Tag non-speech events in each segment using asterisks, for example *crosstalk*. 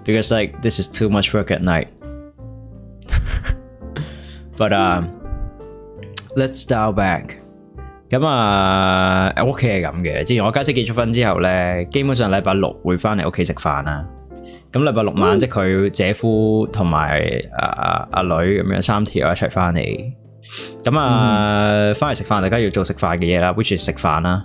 因為似，呢個係太 much work at night。但係，let's dial back。咁啊，喺屋企係咁嘅。之前我家姐結咗婚之後咧，基本上禮拜六會翻嚟屋企食飯啦。咁禮拜六晚即係佢姐夫同埋啊啊阿女咁樣三條一齊翻嚟。咁啊，翻嚟食飯，大家要做食飯嘅嘢啦，which is 食飯啦。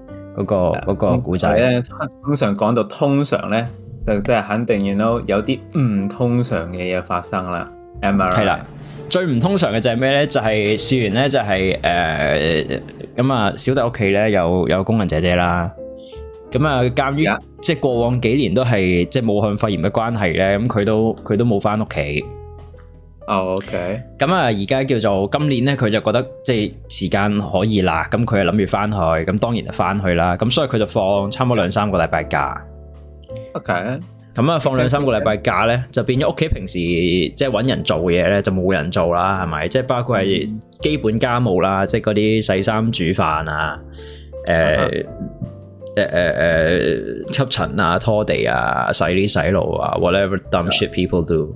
嗰、那個嗰古仔咧，通常講到通常咧，就即係肯定要都 you know, 有啲唔通常嘅嘢發生啦。係啦、right?，最唔通常嘅就係咩咧？就係、是、事緣咧，就係咁啊！呃、小弟屋企咧有有工人姐姐啦，咁啊，鑑於、yeah. 即係過往幾年都係即係武漢肺炎嘅關係咧，咁佢都佢都冇翻屋企。哦、oh,，OK。咁啊，而家叫做今年咧，佢就覺得即係、就是、時間可以啦。咁佢諗住翻去，咁當然就翻去啦。咁所以佢就放差唔多兩三個禮拜假。OK。咁啊，放兩三個禮拜假咧，就變咗屋企平時即係搵人做嘢咧，就冇人做啦，係咪？即係包括係基本家務啦，即係嗰啲洗衫、煮、mm、飯 -hmm. 啊，誒、啊，誒誒誒，吸塵啊，啊，啊，啊塵、拖地啊、洗啲洗腦啊，whatever dumb shit、yeah. people do。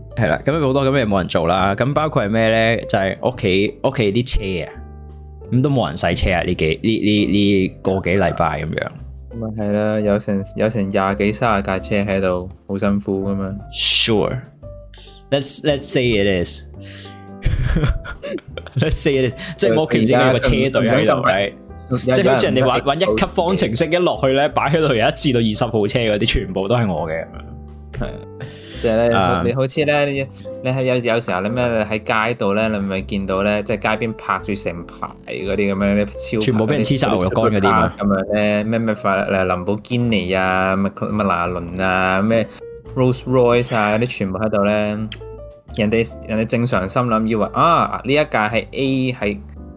係啦，咁好多咁嘢冇人做啦，咁包括係咩咧？就係屋企屋企啲車啊，咁都冇人洗車啊！呢幾呢呢呢個幾禮拜咁樣，咁啊係啦，有成有成廿幾、卅架車喺度，好辛苦㗎嘛。Sure，let's let's say it is，let's *laughs* say 即係我屋企呢幾個車隊喺度，即係好似人哋 *laughs* 玩玩一級方程式一落去咧，擺喺度有一至到二十號車嗰啲，全部都係我嘅咁樣。 *laughs* 即係咧，你好似咧，你係有有時候你咩？喺街度咧，你咪見到咧，即係街邊泊住成排嗰啲咁樣啲超，超，全部俾人黐晒落個缸嗰啲咁樣咧咩咩法？林寶堅尼啊，乜乜拿倫啊，咩 Rolls Royce 啊，嗰啲全部喺度咧，人哋人哋正常心諗以為啊，呢一架係 A 係。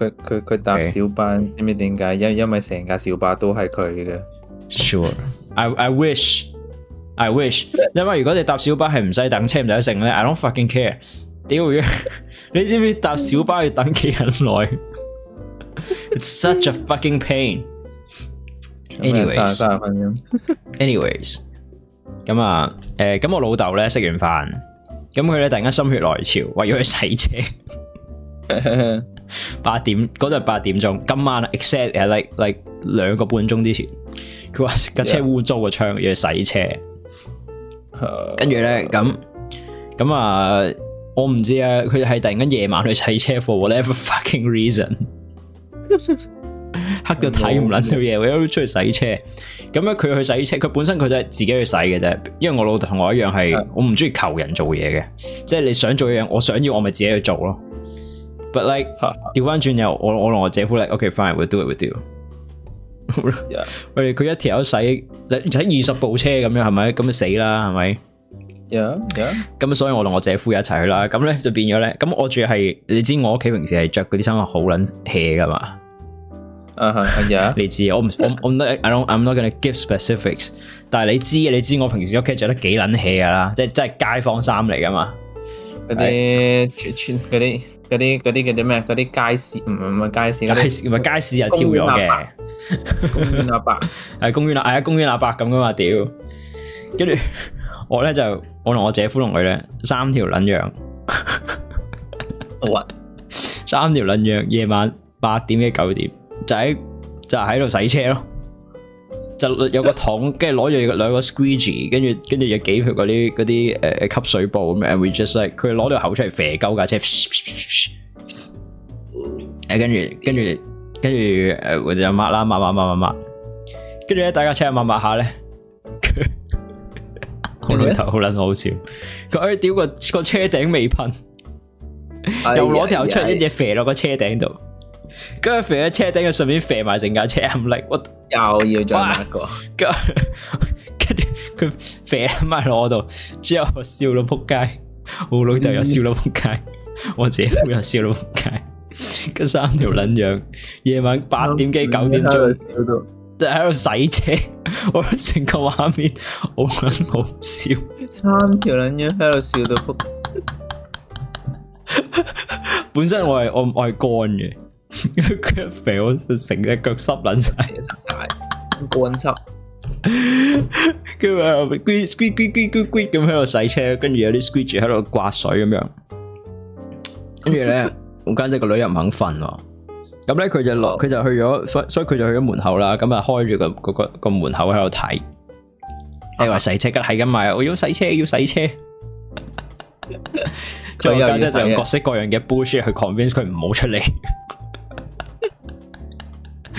佢佢佢搭小巴，知唔知點解？因因為成架小巴都係佢嘅。Sure，I I wish I wish。因為如果你搭小巴係唔使等車唔使剩咧，I don't fucking care。屌嘅，你知唔知搭小巴要等幾咁耐？It's such a fucking pain。Anyways，三十分鐘。Anyways，咁啊，誒，咁我老豆咧食完飯，咁佢咧突然間心血來潮，話要去洗車。八點嗰度八點鐘，今晚 except 係 like like 兩、like, 個半鐘之前，佢話架車污糟個窗、yeah. 要去洗車，跟住咧咁咁啊，我唔知啊，佢係突然間夜晚去洗車 for whatever fucking reason， *laughs* *laughs* 黑到睇唔撚到嘢，我一路出去洗車，咁樣佢去洗車，佢本身佢就係自己去洗嘅啫，因為我老豆同我一樣係，yeah. 我唔中意求人做嘢嘅，即係你想做嘢，我想要我咪自己去做咯。But like 調翻轉又我我同我姐夫 like OK fine，we do it with you。喂，佢一條友使使二十部車咁樣係咪？咁就死啦係咪？呀呀！咁所以我同我姐夫一齊去啦。咁咧就變咗咧。咁我住係你知我屋企平時係著嗰啲衫好撚 hea 噶嘛？啊嚇！你知啊？我唔我我唔 not I'm not gonna give specifics。但係你知嘅，你知我平時屋企著得幾撚 hea 噶啦？即即係街坊衫嚟噶嘛？嗰啲串串，嗰啲嗰啲嗰啲叫做咩？嗰啲街市唔唔係街市，街市唔係街市啊！跳咗嘅，公園阿伯係公園啊，係啊，公園阿伯咁噶嘛？屌，跟住我咧就我同我姐夫同佢咧三條卵羊，哇，三條卵羊，夜晚八點到九點就喺就喺度洗車咯。 *laughs* 就有個桶，跟住攞住兩個 squeegee，跟住跟住有幾條嗰啲啲誒吸水布咁樣，跟住佢攞條口出嚟肥鳩架車噓噓噓噓，跟住跟住跟住誒我哋就抹啦抹抹抹抹抹，跟住咧大家車抹抹下咧，好 *laughs* 捻頭好捻，yeah. 好笑，佢屌個個車頂未噴，aye, 又攞條口出一隻肥落個車頂度。跟住飛喺車頂，佢順便飛埋成架車，冚力，我又要再一個。跟住佢飛埋落我度，之後我笑到仆街，我老豆又笑到仆街，我姐夫又笑到仆街，跟三條撚樣，夜晚八點幾九點鐘喺度洗車，我成個畫面好撚好笑，三條撚樣喺度笑到仆街。本身我係我唔愛幹嘅。佢一肥，我成隻腳濕撚晒嘅，濕晒，汗濕。跟住啊，嗰啲嗰啲嗰啲嗰啲咁喺度洗車，跟住有啲 squeegee 喺度刮水咁樣。跟住咧，我家姐個女又唔肯瞓喎。咁咧佢就落，佢就去咗，所所以佢就去咗門口啦。咁啊，開住個個個個門口喺度睇，你話洗車，喺咁賣，我要洗車，要洗車。最搞笑就用各式各樣嘅 bullshit 去 convince 佢唔好出嚟。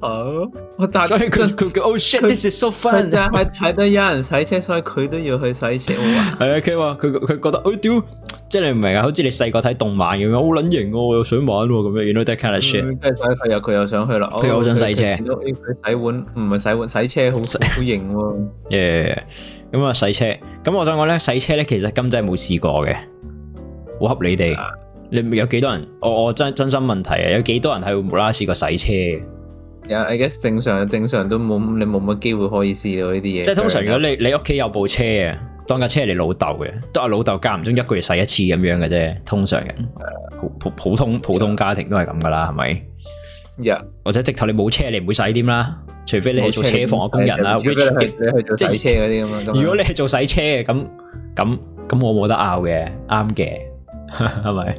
哦、oh，所以佢佢佢，oh shit，this is so fun！佢係睇到有人洗車， *laughs* 所以佢都要去洗車。係啊，佢話佢佢覺得 o 屌！Oh、dear, 即係你唔明啊，好似你細個睇動漫咁樣，好撚型、啊，我又想玩喎咁樣。you know that kind of shit，即係佢又佢又想去啦。佢又想洗車，佢、哦、洗碗唔係洗碗，洗車好好型喎。誒、啊，咁、yeah, 啊、yeah, yeah, 洗車，咁我想講咧，洗車咧其實金仔冇試過嘅，好合理哋。Yeah. 你有幾多人？我、哦、我真真心問題啊，有幾多人係會無啦啦試過洗車？Yeah, I guess 正常正常都冇，你冇乜機會可以試到呢啲嘢。即、就、係、是、通常，如果你、嗯、你屋企有部車嘅，當架車係你老豆嘅，都係老豆間唔中一個月洗一次咁樣嘅啫。通常人，普，普，普通普通家庭都係咁噶啦，係、yeah. 咪？Yeah. 或者直頭你冇車，你唔會洗點啦。除非你係做車房嘅工人啦，或者去去做洗車嗰啲咁樣。如果你係做洗車嘅，咁咁咁我冇得拗嘅，啱嘅，係 *laughs* 咪？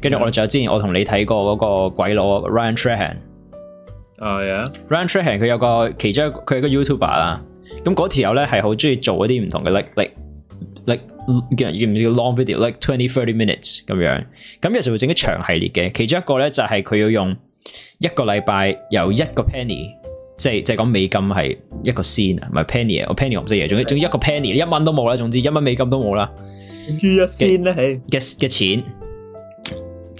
跟住我哋仲有之前我同你睇過嗰個鬼佬 Ryan Trahan，啊、oh yeah. Ryan Trahan 佢有個其中一佢係個 YouTuber 啦，咁嗰條友咧係好中意做一啲唔同嘅 like like like 叫唔叫 long video like twenty thirty minutes 咁樣，咁有時會整一長系列嘅。其中一個咧就係、是、佢要用一個禮拜由一個 penny，即係即係講美金係一個仙啊，唔係 penny 啊，我 penny 我唔識嘢，總總一個 penny 一蚊都冇啦，總之一蚊美金都冇啦，一仙啦，係嘅嘅錢。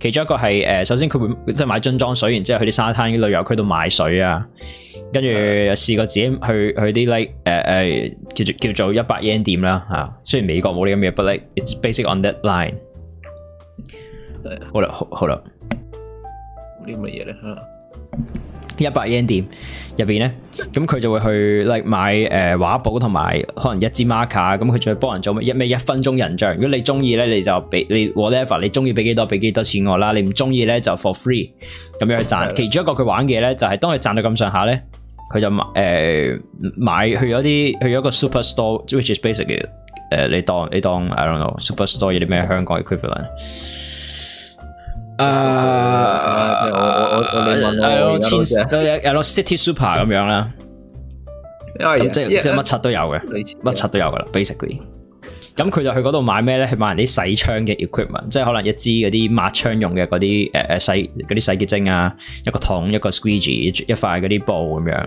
其中一個係誒、呃，首先佢會即係買樽裝水，然之後去啲沙灘啲旅遊區度買水啊，跟住試過自己去去啲 Like 誒、uh, 誒、uh, 叫做叫做一百 yen 店啦嚇、啊，雖然美國冇呢啲嘢，but like, it's basic on that line。好啦，好啦，冇呢樣嘢啦嚇。一百円店入邊咧，咁佢就會去 l、like, 買誒畫簿同埋可能一支 marker，咁佢仲去幫人做咩一咩一分鐘人像。如果你中意咧，你就俾你 whatever，你中意俾幾多俾幾多錢我啦。你唔中意咧就 for free，咁樣去賺。其中一個佢玩嘅嘢咧，就係、是、當你賺到咁上下咧，佢就誒、呃、買去咗啲去咗個 super store，which is basically 誒、呃、你當你當 I don't know super store 有啲咩香港 equivalent。啊！ *music* 我我，我有我有、啊啊啊啊、City Super 咁樣啦，咁即即乜七都有嘅，乜七都有噶啦。basically，咁佢就去嗰度買咩咧？去買人啲洗窗嘅 equipment，即係可能一支嗰啲抹窗用嘅嗰啲誒誒洗嗰啲洗潔精啊，一個桶，一個 squeegee，一塊嗰啲布咁樣。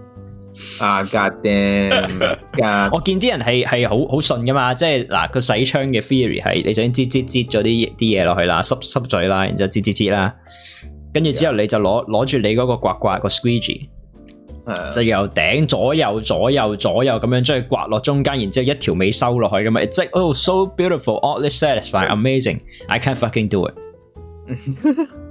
啊，God damn！我見啲人係係好好順噶嘛，即係嗱，個洗窗嘅 theory 係你想擠擠擠咗啲啲嘢落去啦，濕濕嘴啦，然之後擠擠擠啦，跟住之後你就攞攞住你嗰個刮刮個 squeegee，就由頂左右左右左右咁樣將佢刮落中間，然之後一條尾收落去噶嘛，即係 oh so beautiful，oddly satisfying，amazing，I can't fucking do it。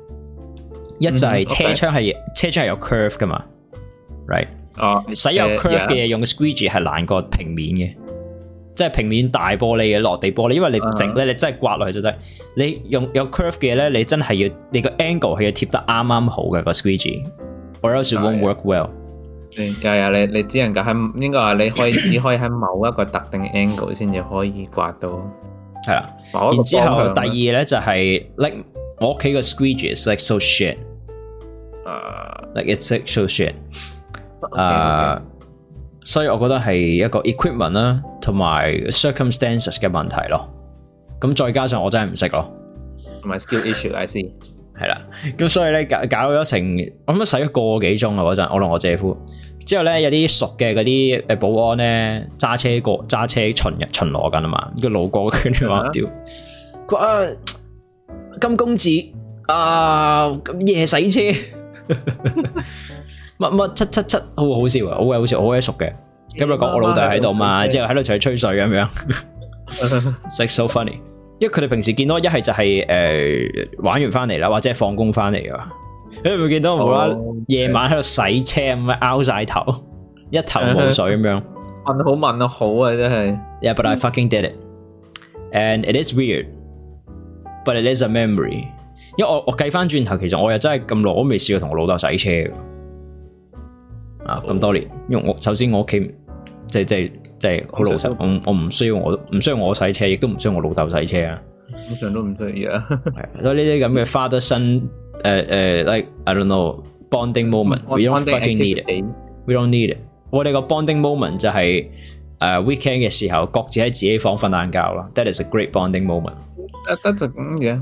一就係車窗係、okay. 車窗係有 curve 噶嘛，right？使有 curve 嘅嘢用 squeegee 係難過平面嘅，yeah. 即係平面大玻璃嘅落地玻璃，因為你整咧、uh. 你真係刮落去就得，你用有 curve 嘅咧你真係要你個 angle 係要貼得啱啱好嘅個 squeegee，or else it won't、yeah. work well。係啊，你你只能夠喺應該話你可以只可以喺某一個特定嘅 angle 先至可以刮到，係啦。然之後第二咧就係、是、like 我屋企個 squeegee is like so shit。誒，like it's shit，所以誒，所以我覺得係一個 equipment 啦、啊，同埋 circumstances 嘅問題咯。咁再加上我真係唔識咯，同埋 skill issue，I see。 *laughs* 係啦，咁所以咧搞搞咗成，我諗使咗個幾鐘啦嗰陣，我同我姐夫。之後咧有啲熟嘅嗰啲誒保安咧揸車過，揸車巡巡邏緊啊嘛，個老哥跟住話：，屌，關、uh -huh. 啊、金公子啊，咁夜洗車！乜乜七七七好好笑啊！我係好似好鬼熟嘅，今日講我老豆喺度嘛，之後喺度就去吹水咁樣。So funny！因為佢哋平時見到一係就係誒玩完翻嚟啦，或者係放工翻嚟啊。你會見到冇啦，夜晚喺度洗車咁樣，拗晒頭，一頭霧水咁樣。問好問到好啊，真係。Yeah, but I fucking did it. And it is weird, but it is a memory. 因為我我計翻轉頭，其實我又真係咁耐，我未試過同我老豆洗車、oh. 啊，咁多年。因為我首先我屋企即係即係即係好老實，我我唔需要我唔需要我洗車，亦都唔需要我老豆洗車啊。通常都唔需要 *laughs* 啊。係，所以呢啲咁嘅 father son 誒誒，like I don't know bonding moment，we don't fucking need it，we don't need it。我哋個 bonding moment 就係、是、誒、uh, weekend 嘅時候各自喺自己房瞓晏覺咯。That is a great bonding moment。得就咁嘅。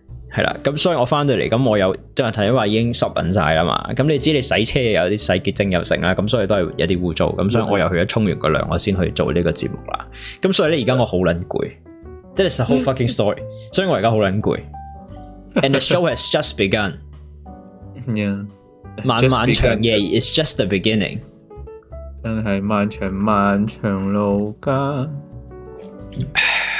係啦，咁所以我翻到嚟，咁我又，即係睇因話已經濕緊晒啦嘛，咁你知你洗車又有啲洗潔精又剩啦，咁所以都係有啲污糟，咁所以我又去咗沖完個涼，我先去做呢個節目啦。咁所以咧，而家我好撚攰，this is a whole fucking story， *laughs* 所以我而家好撚攰，and the show has just begun *laughs* yeah, just。呀，漫漫長夜，yeah, it's just the beginning。真係漫長漫長路加。 *laughs*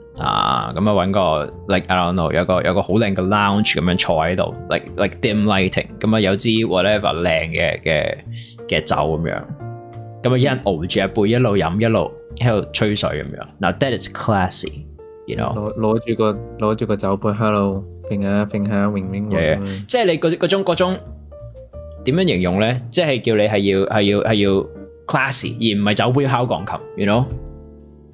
啊咁啊搵個 like I don't know 有個有個好靚嘅 lounge 咁樣，坐喺度 like like dim lighting 咁啊有支 whatever 靚嘅嘅嘅酒咁樣，咁啊一人熬住一杯一路飲一路喺度吹水咁樣，Now that is classy 然後攞攞住個攞住個酒杯 Hello 拼、yeah, yeah. 下拼下嘅、yeah, yeah. 即係你種種點樣形容咧，即係叫你係要係要係要，要 classy 而唔係酒杯敲鋼琴 you know?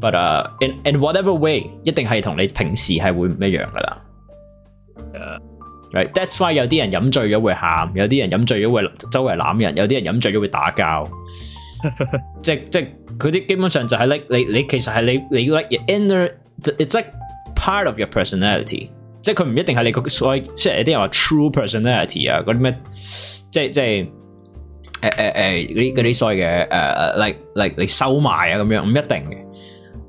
But，誒、uh, in, in whatever way 一定係同你平時係會唔一樣噶啦。誒，right，that's，why 有啲人飲醉咗會喊，有啲人飲醉咗會周圍攬人，有啲人飲醉咗會打交。 *laughs* 即即佢啲基本上就係 like 你你,你其實係你你 like，inner，it's，like，part，of，your，personality。即係佢唔一定係你個所謂，即有啲人話 true，personality 啊，啲咩即係即係誒誒誒啲啲所謂嘅誒誒 like like 你收埋啊咁樣，唔一定嘅。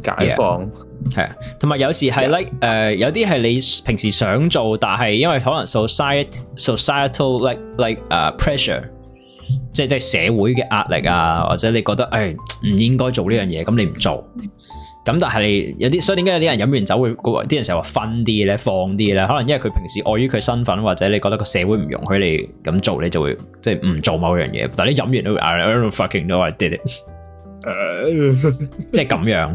解放，係啊，同埋有時係 like，誒、yeah. uh,，有啲係你平時想做，但係因為可能 society，societal like like 啊、like, uh, pressure，即係即係社會嘅壓力啊，或者你覺得誒唔、哎、應該做呢樣嘢，咁你唔做，咁但係你有啲，所以點解有啲人飲完酒會，啲人成日話分啲咧，放啲咧，可能因為佢平時礙於佢身份，或者你覺得個社會唔容許你咁做，你就會即係唔做某樣嘢。但係你飲完都 *laughs* ，I don't fucking know did it, 即係咁樣。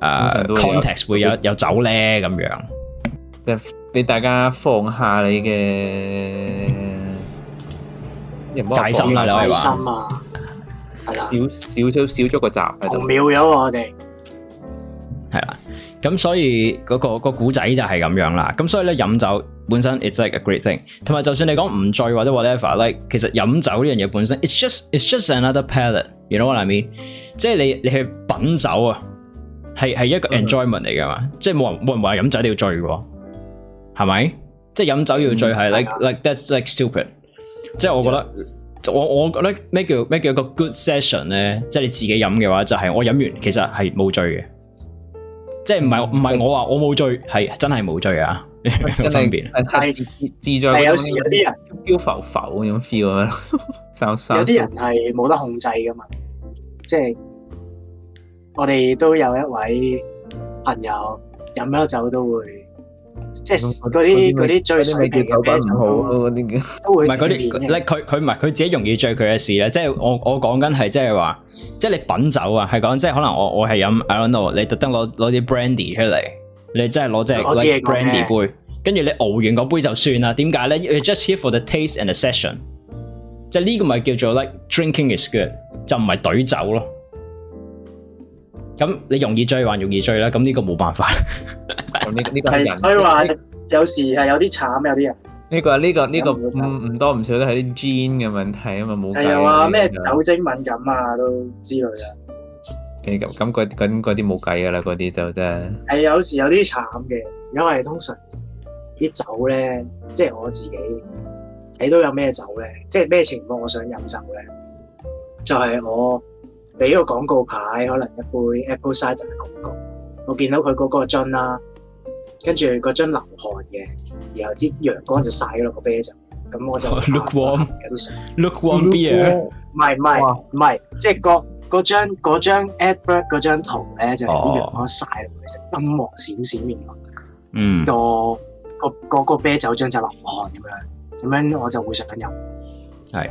誒、uh, context 會有會有酒咧咁樣，俾大家放下你嘅戒心啦，你話？係啦、啊，少少少少咗個閘，同秒咗我哋。係啦，咁所以嗰、嗰個古仔、嗰個嗰個、就係咁樣啦。咁所以咧飲酒本身，it's like a great thing。同埋就算你講唔醉或者 whatever、like, 其實飲酒呢樣嘢本身，it's just it's just another palate you know what I mean？即係你你去品酒啊！係係一個 enjoyment 嚟噶嘛，嗯、即係冇人冇人話飲酒一定要醉嘅，係咪？即係飲酒要醉係 like、嗯 like, uh, like that's like stupid、嗯。即係我覺得，嗯、我我覺得咩叫咩叫一個 good session 咧？即係你自己飲嘅話，就係、是、我飲完其實係冇醉嘅，即係唔係唔係我話我冇醉，係真係冇醉啊！咁方便。太自在嗰種 feel，有啲人飄浮浮嗰 feel，有啲人係冇得控制噶嘛，即係。我哋都有一位朋友飲咗酒都會，嗯、即係嗰啲啲醉水平嘅咧，都唔唔係啲，佢佢唔係佢自己容易醉，佢嘅事咧。即係我我講緊係即係話，即係你品酒啊，係講即係可能我我係飲 I don't know 你特登攞攞啲 brandy 出嚟，你真係攞隻 like brandy 杯，跟住你熬完嗰杯就算啦。點解咧？You're just here for the taste and the session。即係呢個咪叫做 like drinking is good，就唔係懟酒咯。咁你容易醉還容易醉啦，咁呢個冇辦法。咁呢呢個係人。所以話有時係有啲慘，有啲人。呢個呢個呢個唔唔多唔少都係啲 gene 嘅問題啊嘛，冇計。係啊，話咩酒精敏感啊都之類啊。誒咁嗰啲冇計噶啦，嗰啲就真係。係有時有啲慘嘅，因為通常啲酒咧，即係我自己睇都有咩酒咧，即係咩情況我想飲酒咧，就係我。俾個廣告牌，可能一杯 Apple cider 嘅廣告，我見到佢嗰個樽啦，跟住嗰樽流汗嘅，然後啲陽光就曬咗落個啤酒，咁我就 look warm，look warm beer 唔係唔係唔係，即係嗰張嗰張 advert 嗰張圖咧，就係啲陽光曬落去啫，金黃閃閃面落，嗯，個個個啤酒樽就流汗咁樣，咁樣我就會想飲，係。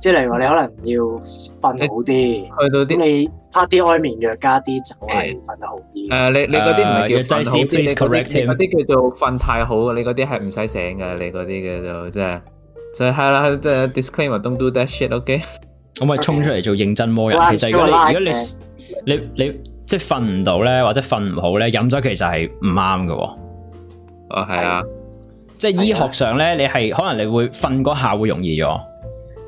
即係例如話，你可能要瞓好啲，去到啲你，part 咁你趴啲安眠藥加啲酒嚟瞓得好啲。誒、uh,，你好、uh, 你嗰啲唔係叫真好啲，嗰、uh, 啲叫做瞓太好。你嗰啲係唔使醒噶，你嗰啲叫做，即係就係、是、啦。即、就、係、是、Disclaimer，don't do that shit。OK，我咪衝出嚟做認真魔人。Okay. 其實如果你如果你、uh, 你你即係瞓唔到咧，就是、或者瞓唔好咧，飲咗其實係唔啱㗎。哦，係啊，即係、啊就是、醫學上咧，你係可能你會瞓嗰下會容易咗。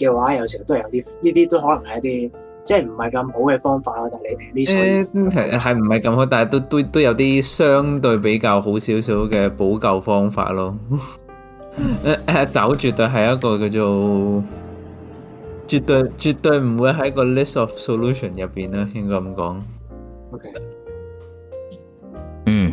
嘅話，有時候都有啲，呢啲都可能係一啲即係唔係咁好嘅方法咯。但係你哋呢啲係唔係咁好？但係都都都有啲相對比較好少少嘅補救方法咯。酒、 *laughs* 呃、酒絕對係一個叫做絕對絕對唔會喺個 list of solution 入邊啦，應該咁講。OK。嗯。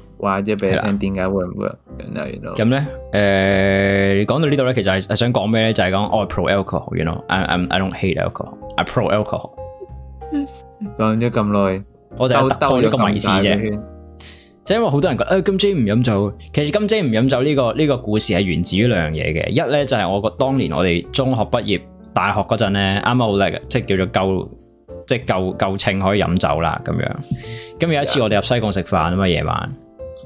或者俾你聽點解會唔會？咁咧，你呢、呃、講到呢度咧，其實係想講咩咧？就係、是、講、oh, you know? I pro alcohol，you know，I don't hate alcohol，I pro alcohol 講。講咗咁耐，我就突破呢個迷思啫。就是、因為好多人講誒，咁 j a 唔飲酒，其實金 j 唔飲酒呢、這個呢、這個故事係源自於兩樣嘢嘅。一咧就係、是、我個當年我哋中學畢業、大學嗰陣咧，啱啱好叻嘅，即係叫做夠，即係夠夠秤可以飲酒啦咁樣。咁 *laughs* 有一次我哋入西貢食飯啊嘛，夜、yeah. 晚。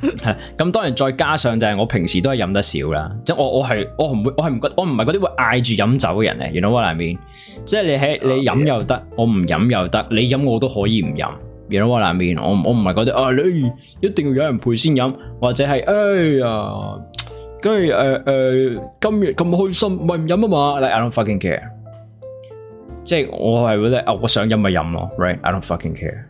咁、 *laughs* 啊，當然再加上就係我平時都係飲得少啦，即係我我係我唔會我係唔覺我唔係嗰啲會嗌住飲酒嘅人嚟。You know what I mean，即係你喺你飲又得，我唔飲又得，你飲我都可以唔飲。You know what I mean，我我唔係嗰啲誒，啊、一定要有人陪先飲，或者係哎呀，跟住誒誒，今日咁開心，咪唔飲啊嘛。Like I don't fucking care，即係我係覺得、啊、我想飲咪飲咯，right I don't fucking care。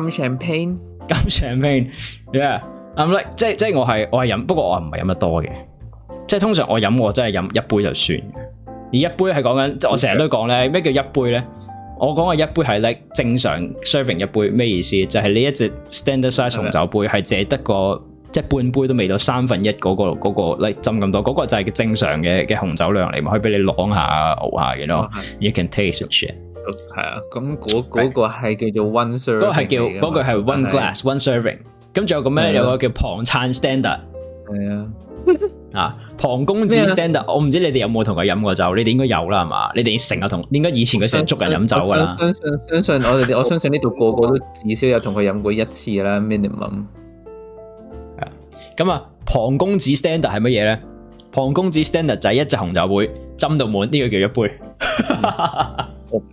金香檳，金 *noise* 香樂檳 *music* *music* ，yeah，I'm like，即係即係我係我係飲，不過我唔係飲得多嘅，即係通常我飲我真係飲一杯就算，而一杯係講緊，即係我成日都講咧，咩叫一杯咧？我講嘅一杯係咧、like、正常 serving 一杯咩意思？就係、是、你一隻 standard size 紅酒杯係只得個即係半杯都未到三分一嗰個嗰、那個咧斟咁多，嗰、那個就係正常嘅嘅紅酒量嚟，咪可以俾你攞下、嘔下，you know，you can taste and shit。係啊，咁嗰嗰個係、那個、叫做 one serving，嗰、那個係叫嗰係、那個、one glass one serving，咁仲有個咩？有個叫龐燦 standard，係啊，啊，龐公子 standard，我唔知你哋有冇同佢飲過酒，你哋應該有啦，係嘛？你哋成日同，應該以前佢成日捉人飲酒噶啦？相信我哋，我相信呢度個個都至少有同佢飲過一次啦，minimum。係啊，咁啊，龐公子 standard 係乜嘢咧？龐公子 standard 就係一隻紅酒杯斟到滿，呢、這個叫一杯。嗯 *laughs* 我唔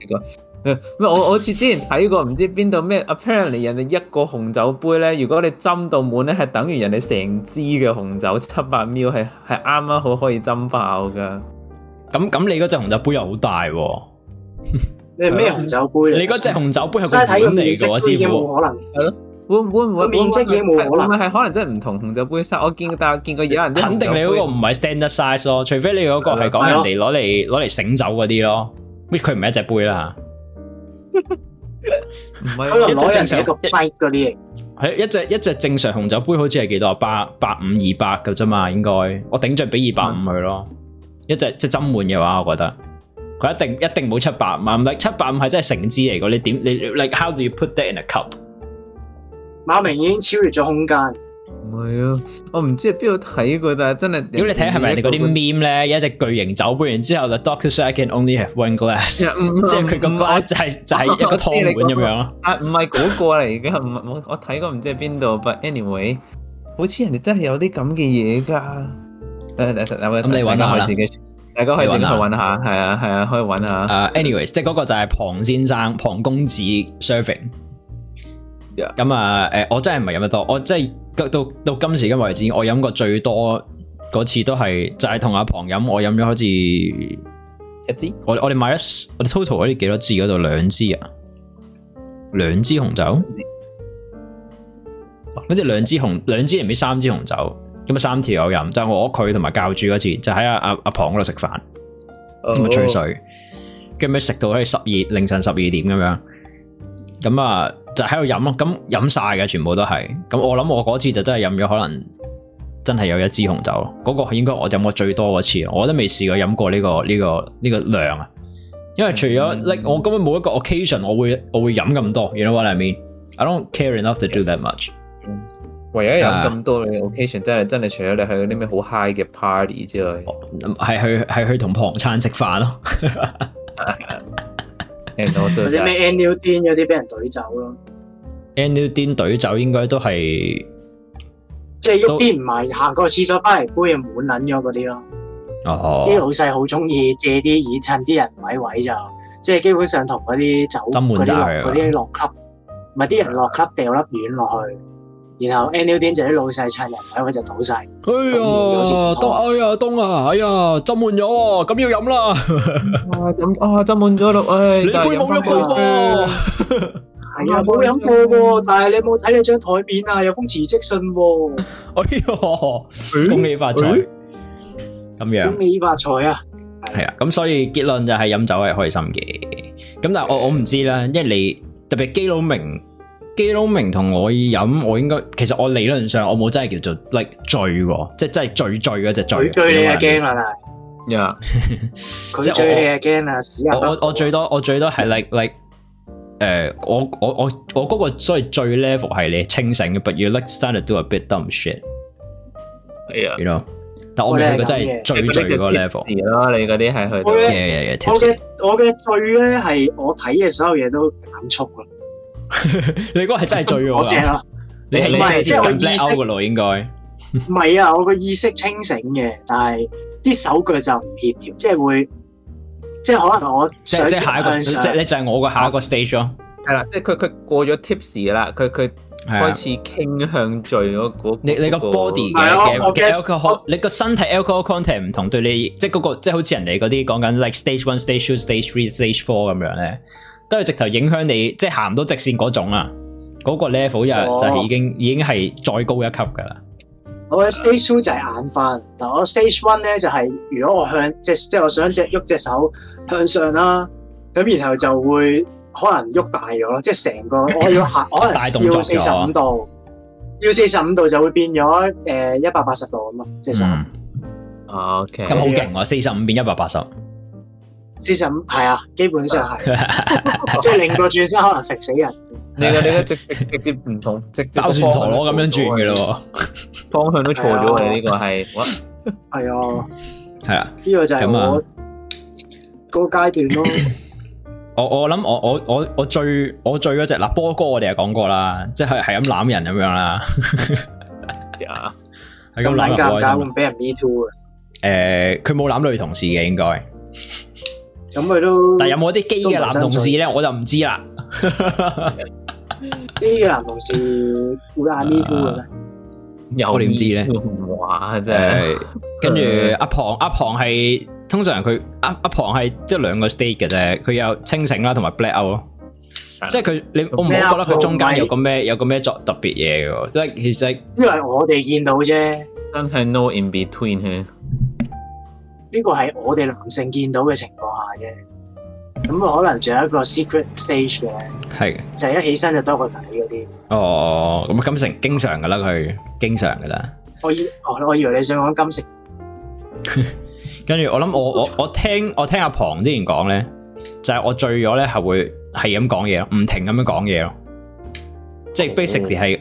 個，唔我，我似之前睇過哪裡哪裡，唔知邊度咩？Apparently，人哋一個紅酒杯咧，如果你斟到滿咧，係等於人哋成支嘅紅酒，700ml 係係啱啱好可以斟爆噶。咁、嗯、咁，嗯嗯、那你嗰隻紅酒杯又好大、哦， *laughs* 你係咩紅酒杯，你嗰隻紅酒杯係真係睇個面積，已經冇可能係咯，會會唔會面積嘢？冇可能？唔係可，可能真係唔同紅酒杯 size 我見但係見過有人的，肯定你嗰個唔係 standard size 咯、哦，除非你嗰個係講人哋攞嚟攞嚟醒酒嗰啲咯。佢唔係一隻杯啦，佢又攞人成一個杯嗰啲。係一隻一隻正常紅酒杯， *laughs* 啊、酒杯好似係幾多？百百五二百噶啫嘛，應該我頂住俾二百五佢咯。 *laughs* 一隻即係斟滿嘅話，我覺得佢一定一定冇七百五，唔係七百五係真係成支嚟噶。你點你 like how do you put that in a cup？馬明已經超越咗空間。唔係啊，我唔知係邊度睇過，但係真係。如果你睇係咪你嗰啲 meme 咧，有一隻巨型酒杯，然之後就 *laughs* Doctor said I can only have one glass，、嗯嗯、即係佢咁樣就係、是嗯、就係、是、一個湯碗咁、啊、樣咯。啊，唔係嗰個嚟噶， *laughs* 我我睇過唔知係邊度，but anyway，好似人哋真係有啲咁嘅嘢噶。咁你搵下啦，大家可以搵下，下，係啊係啊，可以搵下。anyways 即係嗰個就係龐先生龐公子 surfing 咁啊，誒、yeah. 嗯，uh, 我真係唔係飲得咁多，我真係。到到到今時今日為止，我飲過最多嗰次都係就係、是、同阿龐飲，我飲咗好似一支。我我哋買咗我哋 total 嗰啲幾多支？嗰度兩支啊，兩支紅酒。嗰隻兩支紅，兩支嚟俾三支紅酒。咁啊，三條友飲，就是、我佢同埋教主嗰次，就喺、是、阿阿阿龐嗰度食飯，咁啊吹水，跟住咪食到喺十二凌晨十二點咁樣。咁啊。就喺度飲咯，咁飲晒嘅全部都係，咁我諗我嗰次就真係飲咗，可能真係有一支紅酒咯，嗰、嗰個應該我飲過最多嗰次，我都未試過飲過呢、呢個呢、呢個呢、呢個量啊，因為除咗、嗯、l、like，我根本冇一個 occasion 我會我會飲咁多，you know what I mean？I don't care enough to do that much。唯一飲咁多嘅 occasion、uh，真係真係除咗你去嗰啲咩好 high 嘅 party 之外，係去係去同旁餐食飯咯。 *laughs* 或者咩 annual dinner 嗰啲俾人懟走咯，annual dinner 懟走應該都係，即係一啲唔係行過廁所翻嚟杯又滿捻咗嗰啲咯。哦、oh.，啲老細好中意借啲耳趁啲人位位就，即係基本上同嗰啲酒嗰啲嗰啲落 club 咪啲人落 club 掉粒丸落去。然後 end 點就啲老細砌人，我就倒晒。哎呀，凍，哎呀凍啊，哎呀斟滿咗，咁要飲啦。啊浸，啊斟滿咗咯，哎。你杯冇飲過，係啊冇飲過，但係你冇睇你張台面啊，有封辭職信。哎呀，恭喜發財。咁樣，恭喜發財啊！係啊，咁所以結論就係飲酒係開心嘅。咁但係我我唔知啦，因為你特別基佬明。基隆明同我飲，我應該其實我理論上我冇真係叫做 like 醉喎，即係真係醉醉嗰隻醉。醉你啊驚啊，佢 *laughs* *laughs* *laughs* 即係我 *laughs* 我我，我最多我最多係 like like 誒、uh，我我我我嗰個所謂最 level 係你清醒嘅 *laughs* ，but you like started to a bit dumb shit。係啊，但我未去過真係醉醉嗰 *laughs* 個 level。咯，你嗰啲係佢，我嘅、yeah, yeah, yeah, 我嘅醉咧係我睇嘅所有嘢都減速 *laughs* 你嗰個係真係醉好噶 *laughs* 你係你係即係我意識嘅咯，應該唔係啊！我個意識清醒嘅、 *laughs* 啊，但係啲手腳就唔協調，即係會即係可能我即係即係下一個，即係你就係我個下一個 stage 咯、嗯，係、哦、啦，即係佢佢過咗 tipsy 啦，佢佢開始傾向醉嗰、那個啊那個，你的的、啊、的的 alcohol, 你個 body 嘅嘅你個身體 alcohol content 唔同，對你即係、那、嗰個即係好似人哋嗰啲講緊 like stage one，stage two，stage three，stage four 咁樣咧。都係直頭影響你，即係行唔到直線嗰種啊！嗰、嗰個 level 又就係已經已經係再高一級噶啦。呃、我 stage two 就係眼瞓，嗱我 stage one 咧就係如果我向即係即係我想只喐隻手向上啦，咁然後就會可能喐大咗咯，即係成個我要行 *laughs* 可能大動咗四十五度，要四十五度就會變咗誒一百八十度咁咯，只、就、手、是。O K，咁好勁啊，四十五變一百八十。四十五係啊，基本上係，即係令個轉身可能食死人。 *laughs* 你個你的直直接唔同，直接好似陀螺咁樣轉嘅咯，方向都錯咗 *laughs* 個是 *laughs* 啊！呢、這個係，係啊，係、那個、啊，呢個就係我個階段咯。我我諗我我我我醉我醉嗰隻嗱波哥我，我哋又講過啦，即係係咁攬人咁樣啦。咁攬架咁架會俾人 me too 啊？誒，佢冇攬女同事嘅應該。咁佢都，但係有冇啲基嘅男同事咧？我就唔知啦。基嘅男同事會係咩咁咧？有，我點知咧？哇！真係，跟住阿龐，阿龐係通常佢阿阿龐係即係兩個 state 嘅啫。佢有清醒啦，同埋 blackout 咯。即係佢，你我唔覺得佢中間有個咩，有個咩作特別嘢嘅。即係其實，因為我哋見到啫，真係 no in between 佢。呢個係我哋男性見到嘅情況下啫，咁啊可能仲有一個 secret stage 嘅，就係一起身就多個底嗰啲。哦，咁金城經常㗎喇，佢經常㗎喇。我以我我以為你想講金城，跟住我諗我我我聽我聽阿龐之前講咧，就係我醉咗咧，係會係咁講嘢咯，唔停咁樣講嘢咯，即係 basically 係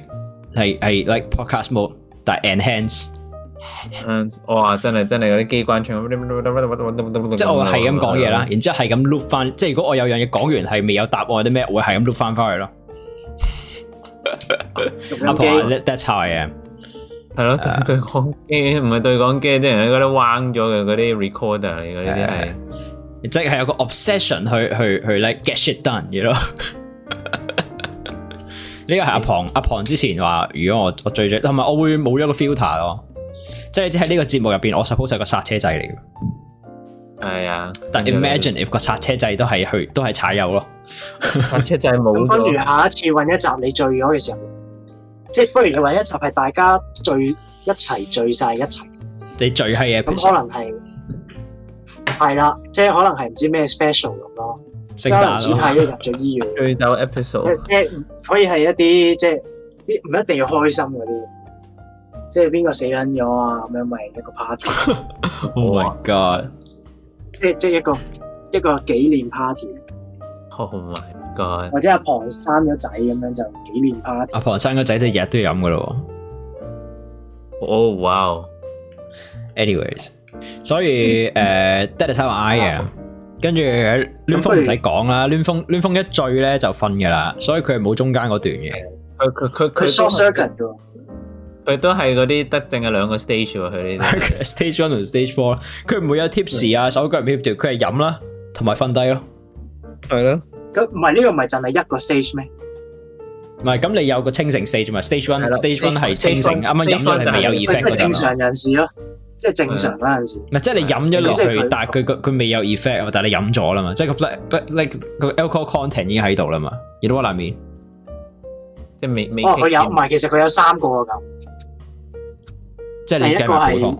係係 like podcast mode 但係 enhance。嗯， *laughs* 哇！真係真係嗰啲機關槍， *laughs* 即係我係咁講嘢啦，然之後係咁 loop 翻，即係如果我有樣嘢講完係未有答案啲咩，我會係咁 loop 翻翻去咯。 *laughs* 阿婆 *laughs* ，that's how I am、嗯，係咯，對講機唔係對講機，即係嗰啲彎咗嘅嗰啲 recorder，嗰啲係，即係、就是、有個 obsession *laughs* 去去去 like get shit done，而 you 咯 know? *laughs* *laughs* 呢個係阿婆。阿婆之前話，如果我我最最同埋我會冇咗個 filter 咯。即係只喺呢個節目入邊，我 suppose 係個剎車掣嚟嘅。係啊，但係 imagine if 個剎車掣都係去都係踩油咯。剎車掣冇。不如下一次搵一集你醉咗嘅時候， *laughs* 即係不如你搵一集係大家醉一齊醉晒一齊。你醉係嘢。咁可能係係啦，即係可能係唔知咩 special 咁咯。可能紫太一入咗醫院。 *laughs* 醉酒 episode。即係可以係一啲即係啲唔一定要開心嗰啲。即係邊個死撚咗啊？咁樣咪一個 party。 *laughs* Oh my god！即係即係一個一個紀念 party。Oh my god！或者阿龐生個仔咁樣就紀念 party。阿龐生個仔就日日都飲噶咯。Oh wow！Anyways，所以誒，Daddy、mm -hmm. uh, I 啊、wow.，跟住亂風唔使講啦，亂風亂風一醉咧就瞓噶啦，所以佢係冇中間嗰段嘅。佢佢佢佢 short circuit 咗佢都係嗰啲得剩嘅兩個 stage 喎，佢呢啲。Stage one 同 Stage four，佢唔會有 tips 啊，手腳唔協調，佢係飲啦，同埋瞓低咯，係咯。咁唔係呢個唔係淨係一個 stage 咩？唔係，咁你有個清醒 stage 嘛？Stage one，Stage one 係 one 清醒，啱啱飲咗係未有 effect 嗰陣。正常人士咯，即係正常嗰陣時。唔係，是的是的是的是的，即係你飲咗落去，他，但係佢佢未有 effect 啊，但係你飲咗啦嘛，即係個個 alcohol content 已經喺度啦嘛，喺度嗱面。即係未未。哦，佢有，唔係，其實佢有三個啊咁。即係第一個係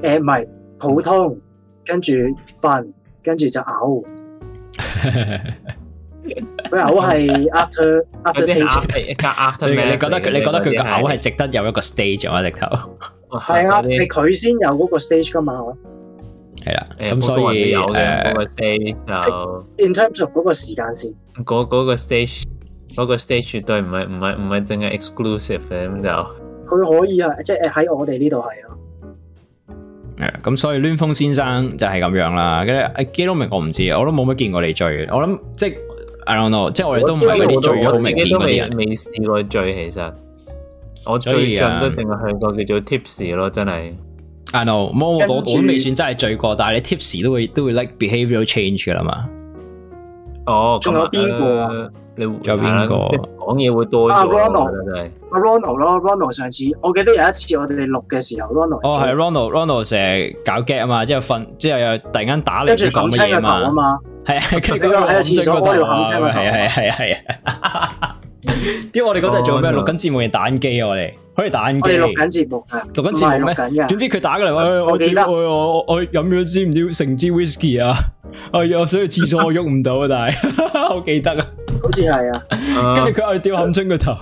誒，唔係普通，跟住瞓，跟住就嘔。佢嘔係 after after stage 一格 after。你覺得佢你覺得佢個嘔係值得有一個 stage 啊？直頭係啊，係佢先有嗰個 stage 噶嘛？係啊，咁所以誒，in terms of 嗰個時間線，嗰嗰個 stage，嗰個 stage 絕對唔係唔係唔係淨係 exclusive 咁就。佢可以啊，即係喺我哋呢度係咯。咁、yeah, 所以攣風先生就係咁樣啦。跟住，阿 j e r 我唔知，我都冇乜見過你醉。我諗即係 I don't know，即係我哋都唔係嗰啲醉好明顯嗰啲人。未試過醉，其實、啊、我最醉都淨係去過叫做 tipsy 咯，真係。I don't know，我我未算真係醉過，但係你 tipsy 都會都會 like behavioural change 噶啦嘛。哦，仲有邊個？呃你一有一就邊個講嘢會多咗、啊？阿、啊、Ronald 咯、啊、Ronald，Ronald，Ronald 上次我記得有一次我哋錄嘅時候，Ronald 哦係 Ronald，Ronald 成日搞 g e 啊嘛，之後瞓之後又突然間打嚟咁嘅嘢嘛，係啊，佢喺廁所屙尿行街咁啊嘛，係啊係啊係啊，啲我哋嗰陣做咩？錄緊節目嘅打機啊我哋。可以機我哋錄緊節目啊，錄緊節目咩？總之佢打過嚟，我我我我飲咗知唔知成支 whisky 啊！我我想去廁所，我喐唔到啊！但係我記得、哎、我我我我我我我啊，哎、 *laughs* 動動 *laughs* 得好似係啊，跟住佢係吊冚樽個頭，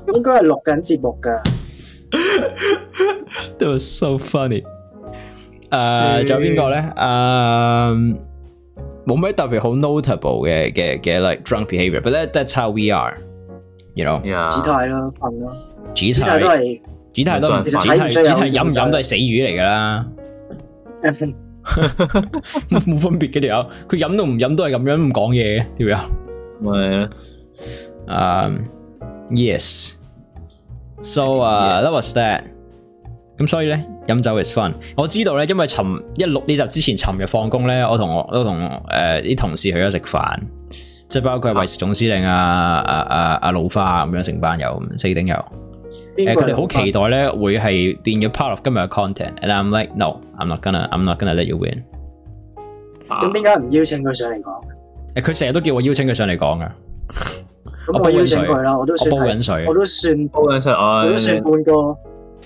*laughs* 應該係錄緊節目噶，都 *laughs* so funny、uh,。誒，仲有邊個咧？誒，冇咩特別好 notable 嘅嘅嘅 like drunk b e h a v i o r but that s how we are，you know，姿、yeah. 態啦、啊，瞓啦、啊。主題，題都係，主題，題飲飲都唔主，其實主題飲唔飲都係死魚嚟噶啦。冇 *laughs* *laughs* 分別嘅條友，佢飲都唔飲都係咁樣唔講嘢嘅，知唔知啊？yes so 啊、uh，that was that。咁所以咧，飲酒係 fun。我知道咧，因為尋一六呢集之前，尋日放工咧，我同我，我同誒啲同事去咗食飯，即係包括係餵食總司令啊啊啊阿、啊、老花咁樣成班友，四頂友。誒，佢哋好期待咧，會係變咗 part of 今日嘅 content。And I'm like, no, I'm not gonna, I'm not gonna let you win。啊。咁點解唔邀請佢上嚟講？佢成日都叫我邀請佢上嚟講噶。 *laughs* 咁我邀請佢啦，我都算我煲緊水，我都算我煲緊水，我都算半個，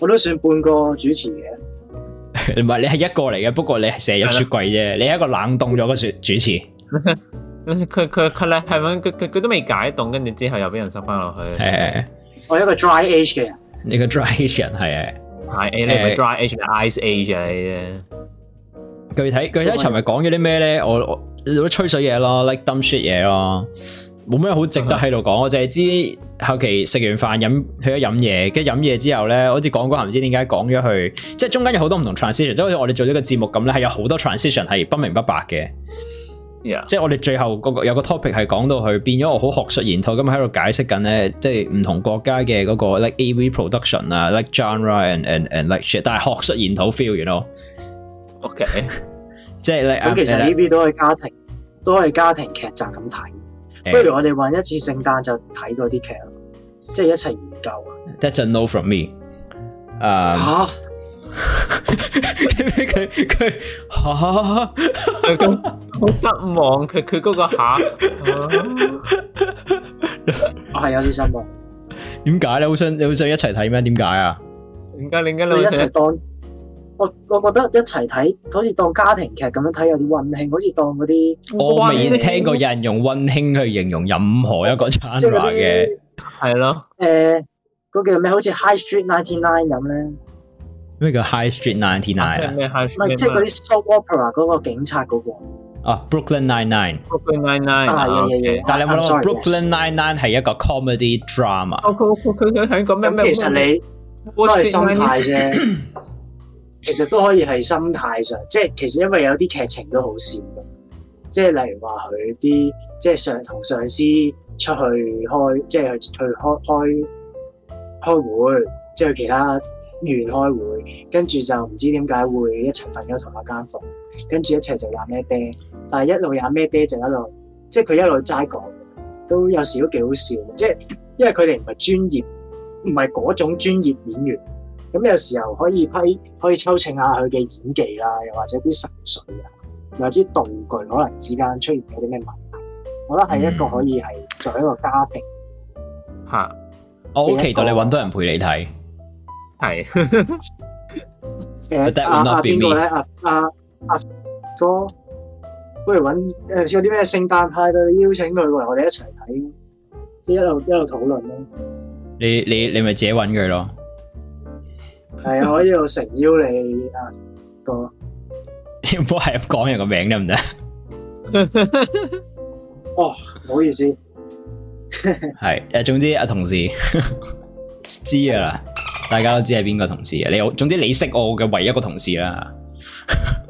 我都算半個主持嘅。唔 *laughs* 係，你係一個嚟嘅，不過你係成日入雪櫃啫，你係一個冷凍咗嘅雪主持。佢佢佢咧係咪？佢佢佢都未解凍，跟住之後又俾人塞翻落去。 *laughs* 我一個 dry age 嘅人，你個 dry age 人係啊，係，你係 dry age 定、呃、ice age 啊？具體具體尋日講咗啲咩咧？我我，我吹水嘢咯，like dumb shit 嘢咯，冇咩好值得喺度講。我淨係知道後期食完飯飲去咗飲嘢，跟住飲嘢之後咧，我好似講過唔知點解講咗去，即係中間有好多唔同 transition，即係好似我哋做呢個節目咁咧，係有好多 transition 係不明不白嘅。即係我哋最後嗰個有個 topic 係講到佢，變咗我好學術研討咁喺度解釋緊咧，即係唔同國家嘅嗰個 like AV production 啊，like genre and and and like shit，但係學術研討 feel 完咯。OK，即係咁其實 AV 都係家庭，都係家庭劇集咁睇。不如我哋玩一次聖誕就睇嗰啲劇咯，即係一齊研究。That's a no from me。啊？因為佢佢吓。好失望，佢佢嗰個下， *laughs* 啊、 *laughs* 我係有啲失望。點解咧？好想，你好想一齊睇咩？點解啊？點解？點解一齊當我，我覺得一齊睇，好似當家庭劇咁樣睇，有啲溫馨，好似當嗰啲。我未聽過有人用溫馨去形容任何一個 genre 嘅，係、就、咯、是。誒，嗰、呃那個、叫咩？好似 High Street Ninety Nine 咁咧。咩叫 High Street Ninety Nine 啊？唔係，即係嗰啲 soap opera 嗰、那個那個警察嗰、那個。啊、oh，Brooklyn Nine Nine，啊，但係你有冇諗《Brooklyn Nine Nine》係一個 comedy drama。佢 k OK 佢係一個咩，其實你都係心態啫。 *coughs* 其實都可以係心態上，即係其實因為有啲劇情都好善，即係例如話佢啲即係上同上司出去開，即係去去開開開會，即係其他員開會，跟住就唔知點解會一齊瞓咗同一間房間。跟住一齊就演咩爹，但係一路演咩爹就一路，即係佢一路齋講，都有時都幾好笑。即係因為佢哋唔係專業，唔係嗰種專業演員，咁有時候可以批可以抽秤下佢嘅演技啦，又或者啲神髓啊，又或者道具可能之間出現咗啲咩問題，我覺得係一個可以係作為一個家庭嚇。我好期待你揾到人陪你睇。係、啊。但係邊個咧？阿、啊、阿？啊啊阿哥，不如搵誒，啊、有啲咩聖誕派對邀請佢過嚟，我哋一齊睇，即係一路一路討論咯。你你你咪自己搵佢咯。係啊，可以誠邀你阿哥。唔好係咁講人個名得唔得？ *laughs* 哦，唔好意思。係 *laughs* 誒，總之阿同事知啊啦，大家都知係邊個同事嘅。你總之你識我嘅唯一一個同事啦。 *laughs*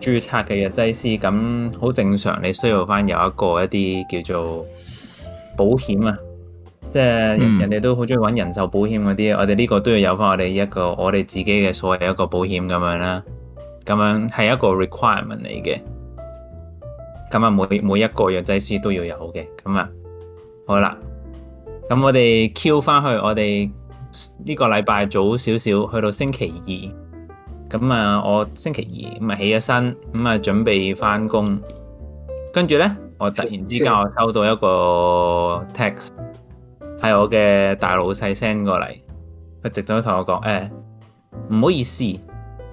註冊嘅藥劑師咁好正常，你需要翻有一個一啲叫做保險啊，即係人哋，嗯，都好中意揾人壽保險嗰啲，我哋呢個都要有翻我哋一個我哋自己嘅所謂一個保險咁樣啦，咁樣係一個 requirement 嚟嘅。咁啊每每一個藥劑師都要有嘅，咁啊好啦，咁我哋 Q 翻去，我哋呢個禮拜早少少去到星期二。咁啊，我星期二咁啊起咗身，咁啊準備翻工，跟住呢，我突然之間我收到一個 text，係我嘅大老細 send 過嚟，佢直接同我講：，誒、哎，唔好意思，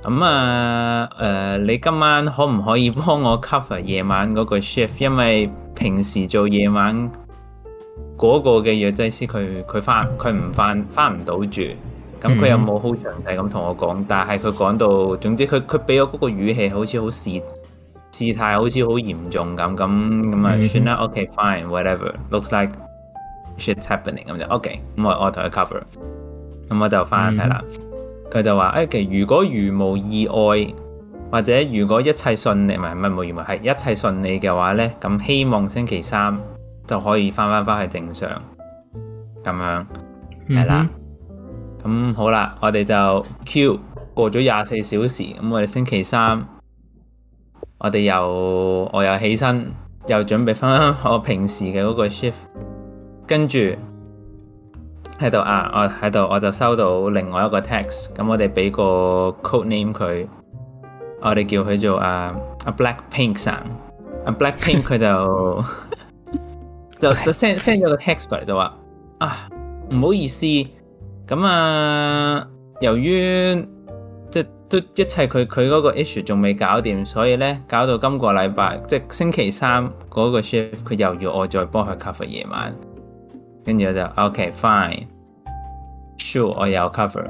咁啊，誒、呃，你今晚可唔可以幫我 cover 夜晚嗰個 shift？因為平時做夜晚嗰個嘅藥劑師，佢佢翻佢唔翻翻唔到住。咁佢又冇好詳細咁同我講，mm -hmm. 但係佢講到總之，佢佢俾我嗰個語氣好似好事事態好似好嚴重咁，咁咁啊算啦，OK fine whatever looks like shit's happening 咁就 OK，咁我我同佢 cover，咁我就翻睇啦。佢、mm -hmm. 就話：，誒、okay，如果如無意外，或者如果一切順利，唔係唔冇意外，係一切順利嘅話咧，咁希望星期三就可以翻翻翻去正常，咁樣係、mm -hmm. 啦。咁好啦，我哋就 Q 過咗廿四小時，咁我哋星期三，我哋又我又起身，又準備翻我平時嘅嗰個 shift，跟住喺度啊，我喺度我就收到另外一個 text，咁我哋俾個 code name 佢，我哋叫佢做啊 Black Pink 生，啊 Black Pink 佢、啊、就 *laughs* *laughs* 就 send send 咗個 text 過嚟就話啊唔好意思。咁啊，由於即都一切佢佢嗰個 issue 仲未搞掂，所以咧搞到今個禮拜即星期三嗰個 shift 佢又要我再幫佢 cover 夜晚，跟住我就 OK fine，sure 我又 cover，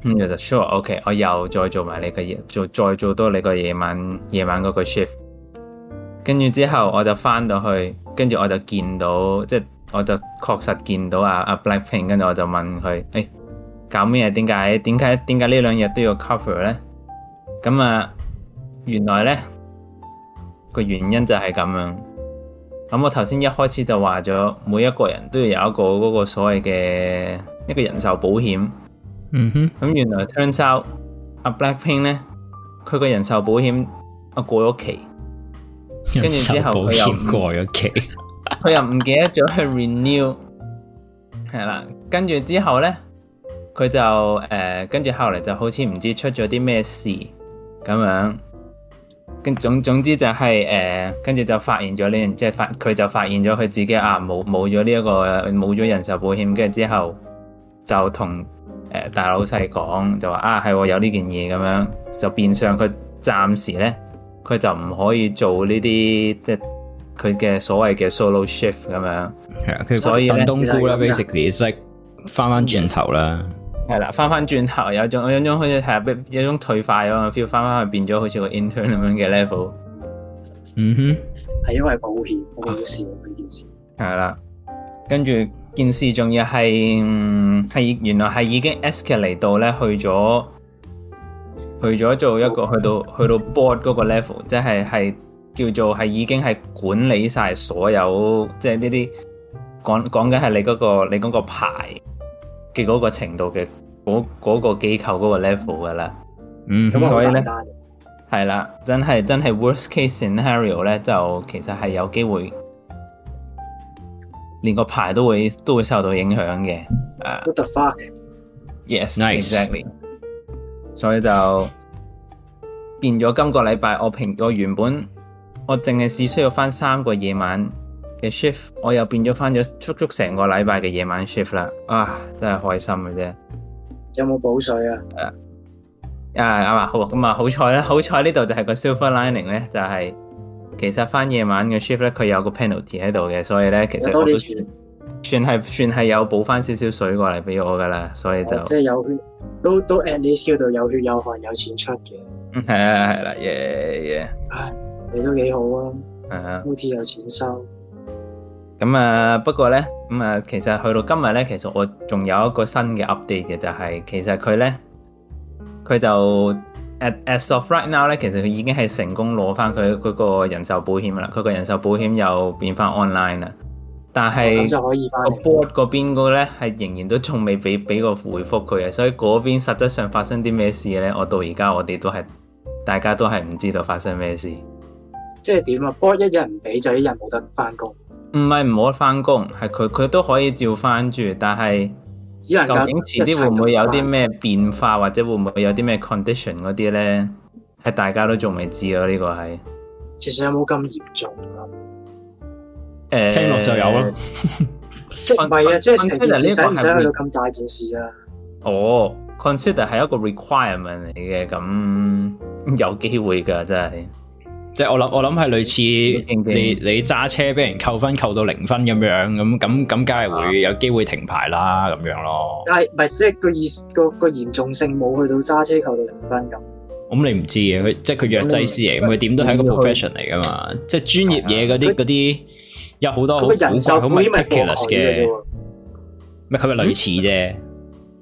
跟住就 sure OK 我又再做埋你個夜做再做多你個夜晚夜晚嗰個 shift，跟住之後我就翻到去，跟住我就見到即我就確實見到啊啊 Blackpink，跟住我就問佢：誒、欸、搞咩？點解？點解？點解呢兩日都要 cover 咧？咁啊，原來咧個原因就係咁樣。咁我頭先一開始就話咗，每一個人都要有一個嗰個所謂嘅一個人壽保險。嗯哼。咁原來 turns out 阿、啊、Blackpink 咧，佢個人壽保險啊過咗期，跟住之後佢又 5... 過咗期。佢又唔記得咗去 renew，係啦，跟住之後咧，佢就誒、呃、跟住後嚟就好似唔知出咗啲咩事咁樣，跟總總之就係、是、誒、呃、跟住就發現咗呢件，即係發佢就發現咗佢自己啊冇冇咗呢一個冇咗人壽保險，跟住之後就同誒、呃、大老細講就話啊係、哦、有呢件嘢咁樣，就變相佢暫時咧佢就唔可以做呢啲即。佢嘅所謂嘅 solo shift 咁樣，係啊，佢所以咧，燉冬菇啦，basically 識翻翻轉頭啦，係啦，翻翻轉頭有一種，我有一種好似係一種退化咯，feel 翻翻去變咗好似個 intern 咁樣嘅 level，嗯哼，係因為保險好笑呢件事，係啦，跟住件事仲要係係原來係已經 escalate 到咧去咗去咗做一個去到去到 board 嗰個 level，即係係。叫做係已經係管理晒所有，即係呢啲講講緊係你嗰、嗰個你嗰個牌嘅嗰個程度嘅嗰嗰個機構嗰個 level 嘅啦。嗯，咁、嗯嗯、所以咧，係啦，真係真係 worst case scenario 咧，就其實係有機會連個牌都會都會受到影響嘅。誒、uh, what the fuck？Yes，exactly、nice。所以就變咗今個禮拜，我平我原本。我淨係只需要翻三個夜晚嘅 shift，我又變咗翻咗足足成個禮拜嘅夜晚 shift 啦。啊，真係開心嘅、啊、啫。有冇補水啊？誒、啊，啊阿華好，咁啊好彩咧，好彩呢度就係個 silver lining 咧，就係、是、其實翻夜晚嘅 shift 咧，佢有個 penalty 喺度嘅，所以咧其實都算算係算係有補翻少少水過嚟俾我噶啦，所以就、啊、即係有血都都 at least 叫做有血有汗有錢出嘅，係啊係啦耶耶 a 你都幾好啊！高、uh-huh. 鐵有錢收咁啊。不過咧，咁、嗯、啊，其實去到今日咧，其實我仲有一個新嘅 update 嘅，就係、是、其實佢咧佢就 at as of right now 咧，其實佢已經係成功攞翻佢佢個人壽保險啦。佢個人壽保險又變翻 online 啦。但係就的我 board 嗰邊個咧，係仍然都仲未俾俾個回覆佢啊。所以嗰邊實際上發生啲咩事咧？我到而家我哋都係大家都係唔知道發生咩事。即係點啊？不過一日唔俾就一日冇得翻工。唔係唔好翻工，係佢佢都可以照翻住，但係究竟遲啲會唔會有啲咩變化，或者會唔會有啲咩 condition 嗰啲咧？係大家都仲未知咯、啊，呢、呢個係。其實有冇咁嚴重啊？誒、欸，聽落就有咯。 *laughs* 即係唔係啊？即係成件事使唔使去到咁大件事啊？哦，consider 係一個 requirement 嚟嘅，咁有機會噶，真係。即係我諗，我諗係類似你你揸車俾人扣分，扣到零分咁樣咁咁咁，梗係會有機會停牌啦，咁樣咯。但係唔係，即係個意個個嚴重性冇去到揸車扣到零分咁。咁你唔知嘅佢，即係佢藥劑師嚟，佢點都係一個 profession 嚟噶嘛。即係專業嘢嗰啲嗰啲有好多好人壽好 technical 嘅。唔佢係類似啫，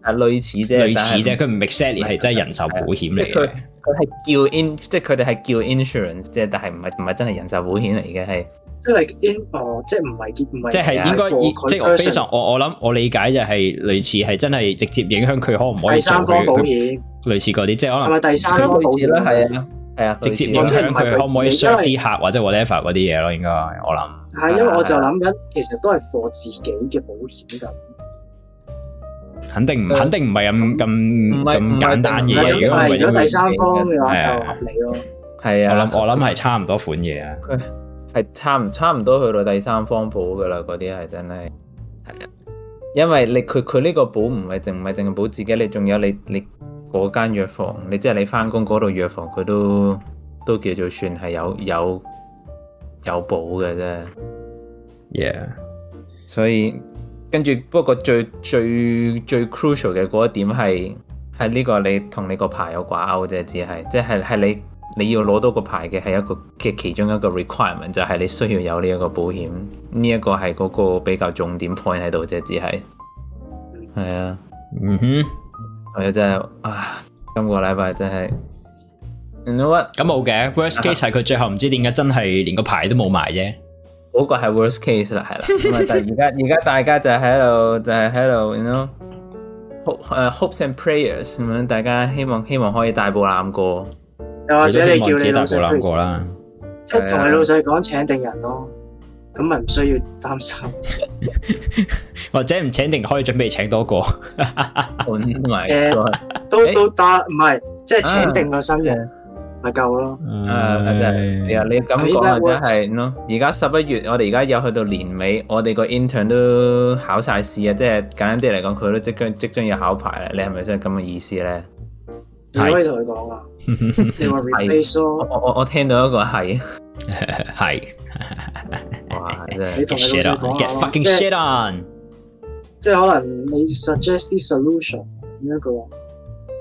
係類似啫，類似啫，佢唔係 exactly 係真係人壽保險嚟嘅。 *laughs* 佢係叫 in，即係佢哋係叫 insurance，即係但係唔係唔係真係人壽保險嚟嘅係，即係 in 即係唔係，唔係即係應該以即係我非常我我諗我理解就係類似係真係直接影響佢可唔可以做第三方保險佢，啊，類似嗰啲即係可能第三方保險啦，係啊係啊，直接影響佢可唔可以 serve 啲客或者 whatever 嗰啲嘢咯，應該我諗係因為我就諗緊，其實都係貨自己嘅保險噶。肯定唔肯定唔係咁咁咁簡單嘢嚟，如果第三方嘅話就合理咯。係啊，我諗我諗係差唔多款嘢啊。係差唔差唔多去到第三方保嘅啦，嗰啲係真係，係啊。因為你佢佢呢個保唔係淨唔係淨係保自己，你仲有你你嗰間藥房，你即係你返工嗰度藥房，佢都都叫做算係有有有保嘅啫。Yeah，所以。跟住，不過最最最 crucial 嘅嗰一點係係呢個你同你個牌有掛鈎啫，只係即係係你你要攞到個牌嘅係一個嘅其，其中一個 requirement，就係你需要有呢一個保險，呢、這、一個係嗰個比較重點 point 喺度啫，只係係啊，嗯哼，我啊，真係啊今個禮拜真係，no one 咁冇嘅 worst case 係、uh、佢 -huh. 最後唔知點解真係連個牌都冇埋啫。嗰、那個係 worst case 啦，係啦。 *laughs* 但啊，而家而家大家就喺度，就係喺度，你 you know hope、uh, hopes and prayers 咁樣。大家希望希望可以大步攬過，又或者你叫你大步攬過啦。即係同你老細講請定人咯，咁咪唔需要擔心。 *laughs* 或者唔請定可以準備請多個， *laughs* uh, *laughs* 都、欸、都打，唔係，即、就、係、是、請定個新人。啊。咪夠咯！誒誒，你啊，你咁講啊，真係咯！而家十一月，我哋而家有去到年尾，我哋個 intern 都考晒試啊！即係簡單啲嚟講，佢都即將即將要考牌啦！你係咪即係咁嘅意思咧？你可以同佢講啊！你話 release 咯？我我我聽到一個係係。哇！即係你同你個小同學，即係可能你 suggest 啲 solution 咁樣嘅話。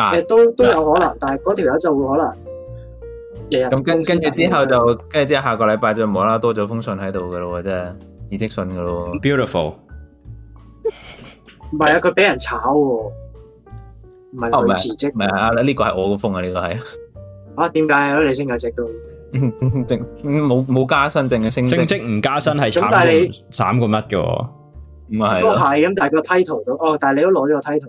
啊、其實都都有可能，啊、但係嗰條友就會可能、啊，咁跟跟住之後就，就跟住之後下個禮拜就冇啦啦多咗封信喺度噶咯，真係，辭職信噶咯。Beautiful，唔係啊，佢俾人炒的，唔係佢辭職。唔、哦、係啊，呢、這個係我嘅封啊，呢、這個係。啊，點解啊？你升咗職都，冇 *laughs* 冇加薪，淨係升職升職唔加薪係慘咁但係你慘過乜嘅？唔啊係。都係咁，但係個 title 都，哦，但係你都攞咗個 title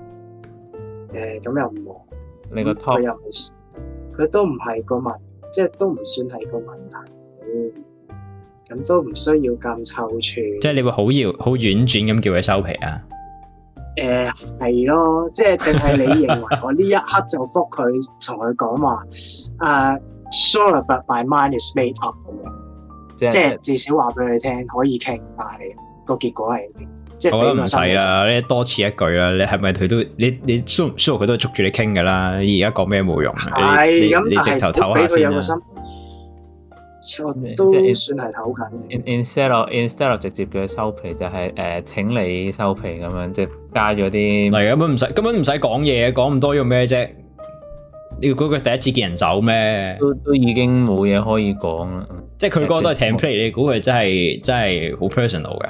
誒、嗯，咁又唔忙，佢又唔，佢都唔係個問，即係都唔算係個問題，咁都唔需要咁臭串。即係你會好要好婉轉咁叫佢收皮啊？誒、嗯，係咯，即係淨係你認為我呢一刻就覆佢，同 *laughs* 佢講話、uh,，誒，sorry、sure, but my mind is made up 咁樣，即係至少話俾佢聽可以傾，但係個結果係。就是、我覺得唔使啦，你多此一舉啦。你係咪佢都你你舒唔舒服佢都係捉住你傾噶啦？你而家講咩冇用。係咁，但係俾佢有個心，算係唞緊。Instead of instead of 直接叫佢收皮，就係、是、誒，uh, 請你收皮咁樣，即係加咗啲。係根本唔使根本唔使講嘢，講咁多要咩啫？你估佢第一次見人走咩？都都已經冇嘢可以講啦。即係佢嗰個都係 template 你估佢真係真係好 personal 噶。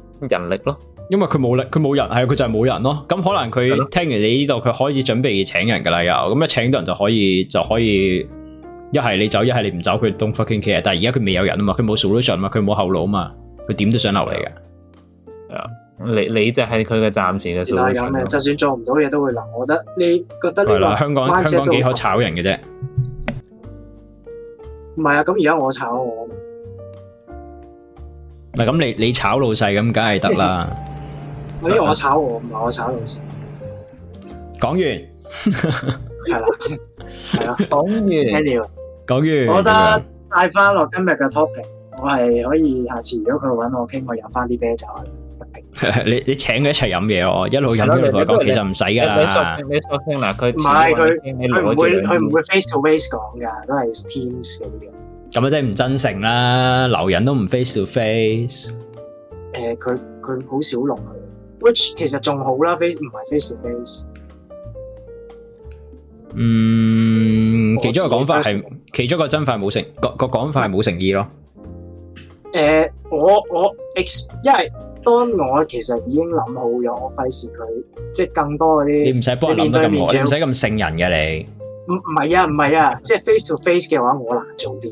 人力咯，因為佢冇力，佢冇人，係佢就係冇人咯。咁可能佢、嗯、聽完你呢度，佢開始準備請人噶啦，咁一請到人就可以，就可以一係你走，一係你唔走，佢 don't fucking care。但係而家佢未有人啊嘛，佢冇 solution 嘛，佢冇後路啊嘛，佢點都想留你噶。係啊，你你就係佢嘅暫時嘅 solution 就算做唔到嘢都會留。我覺得你覺得呢、這個香港香港幾可炒人嘅啫。唔係啊，咁而家我炒我。唔係咁，你你炒老細咁，梗係得啦。我因為我炒我唔係我炒老細。講完係啦，係啦。講完，講完。我覺得帶翻落今日嘅 topic，我係可以下次如果佢揾我傾，我飲翻啲啤酒。你你請佢一齊飲嘢哦，一路飲一路講，其實唔使噶啦。你你所聽嗱，佢唔會佢唔會 face to face 講噶，都係 teams 嘅嘢。咁啊，即係唔真誠啦！留人都唔 face to face。誒，佢佢好少錄，which 其實仲好啦，face 唔係 face to face。嗯，其中一個講法係，其中一個真法冇誠，個個講法係冇誠意咯。誒，我我 ex 因為當我其實已經諗好咗，我費事佢即係更多嗰啲。你唔使幫我諗得咁耐面對面，你唔使咁聖人嘅你。唔唔係啊，唔係啊，即係 face to face 嘅話，我難做啲。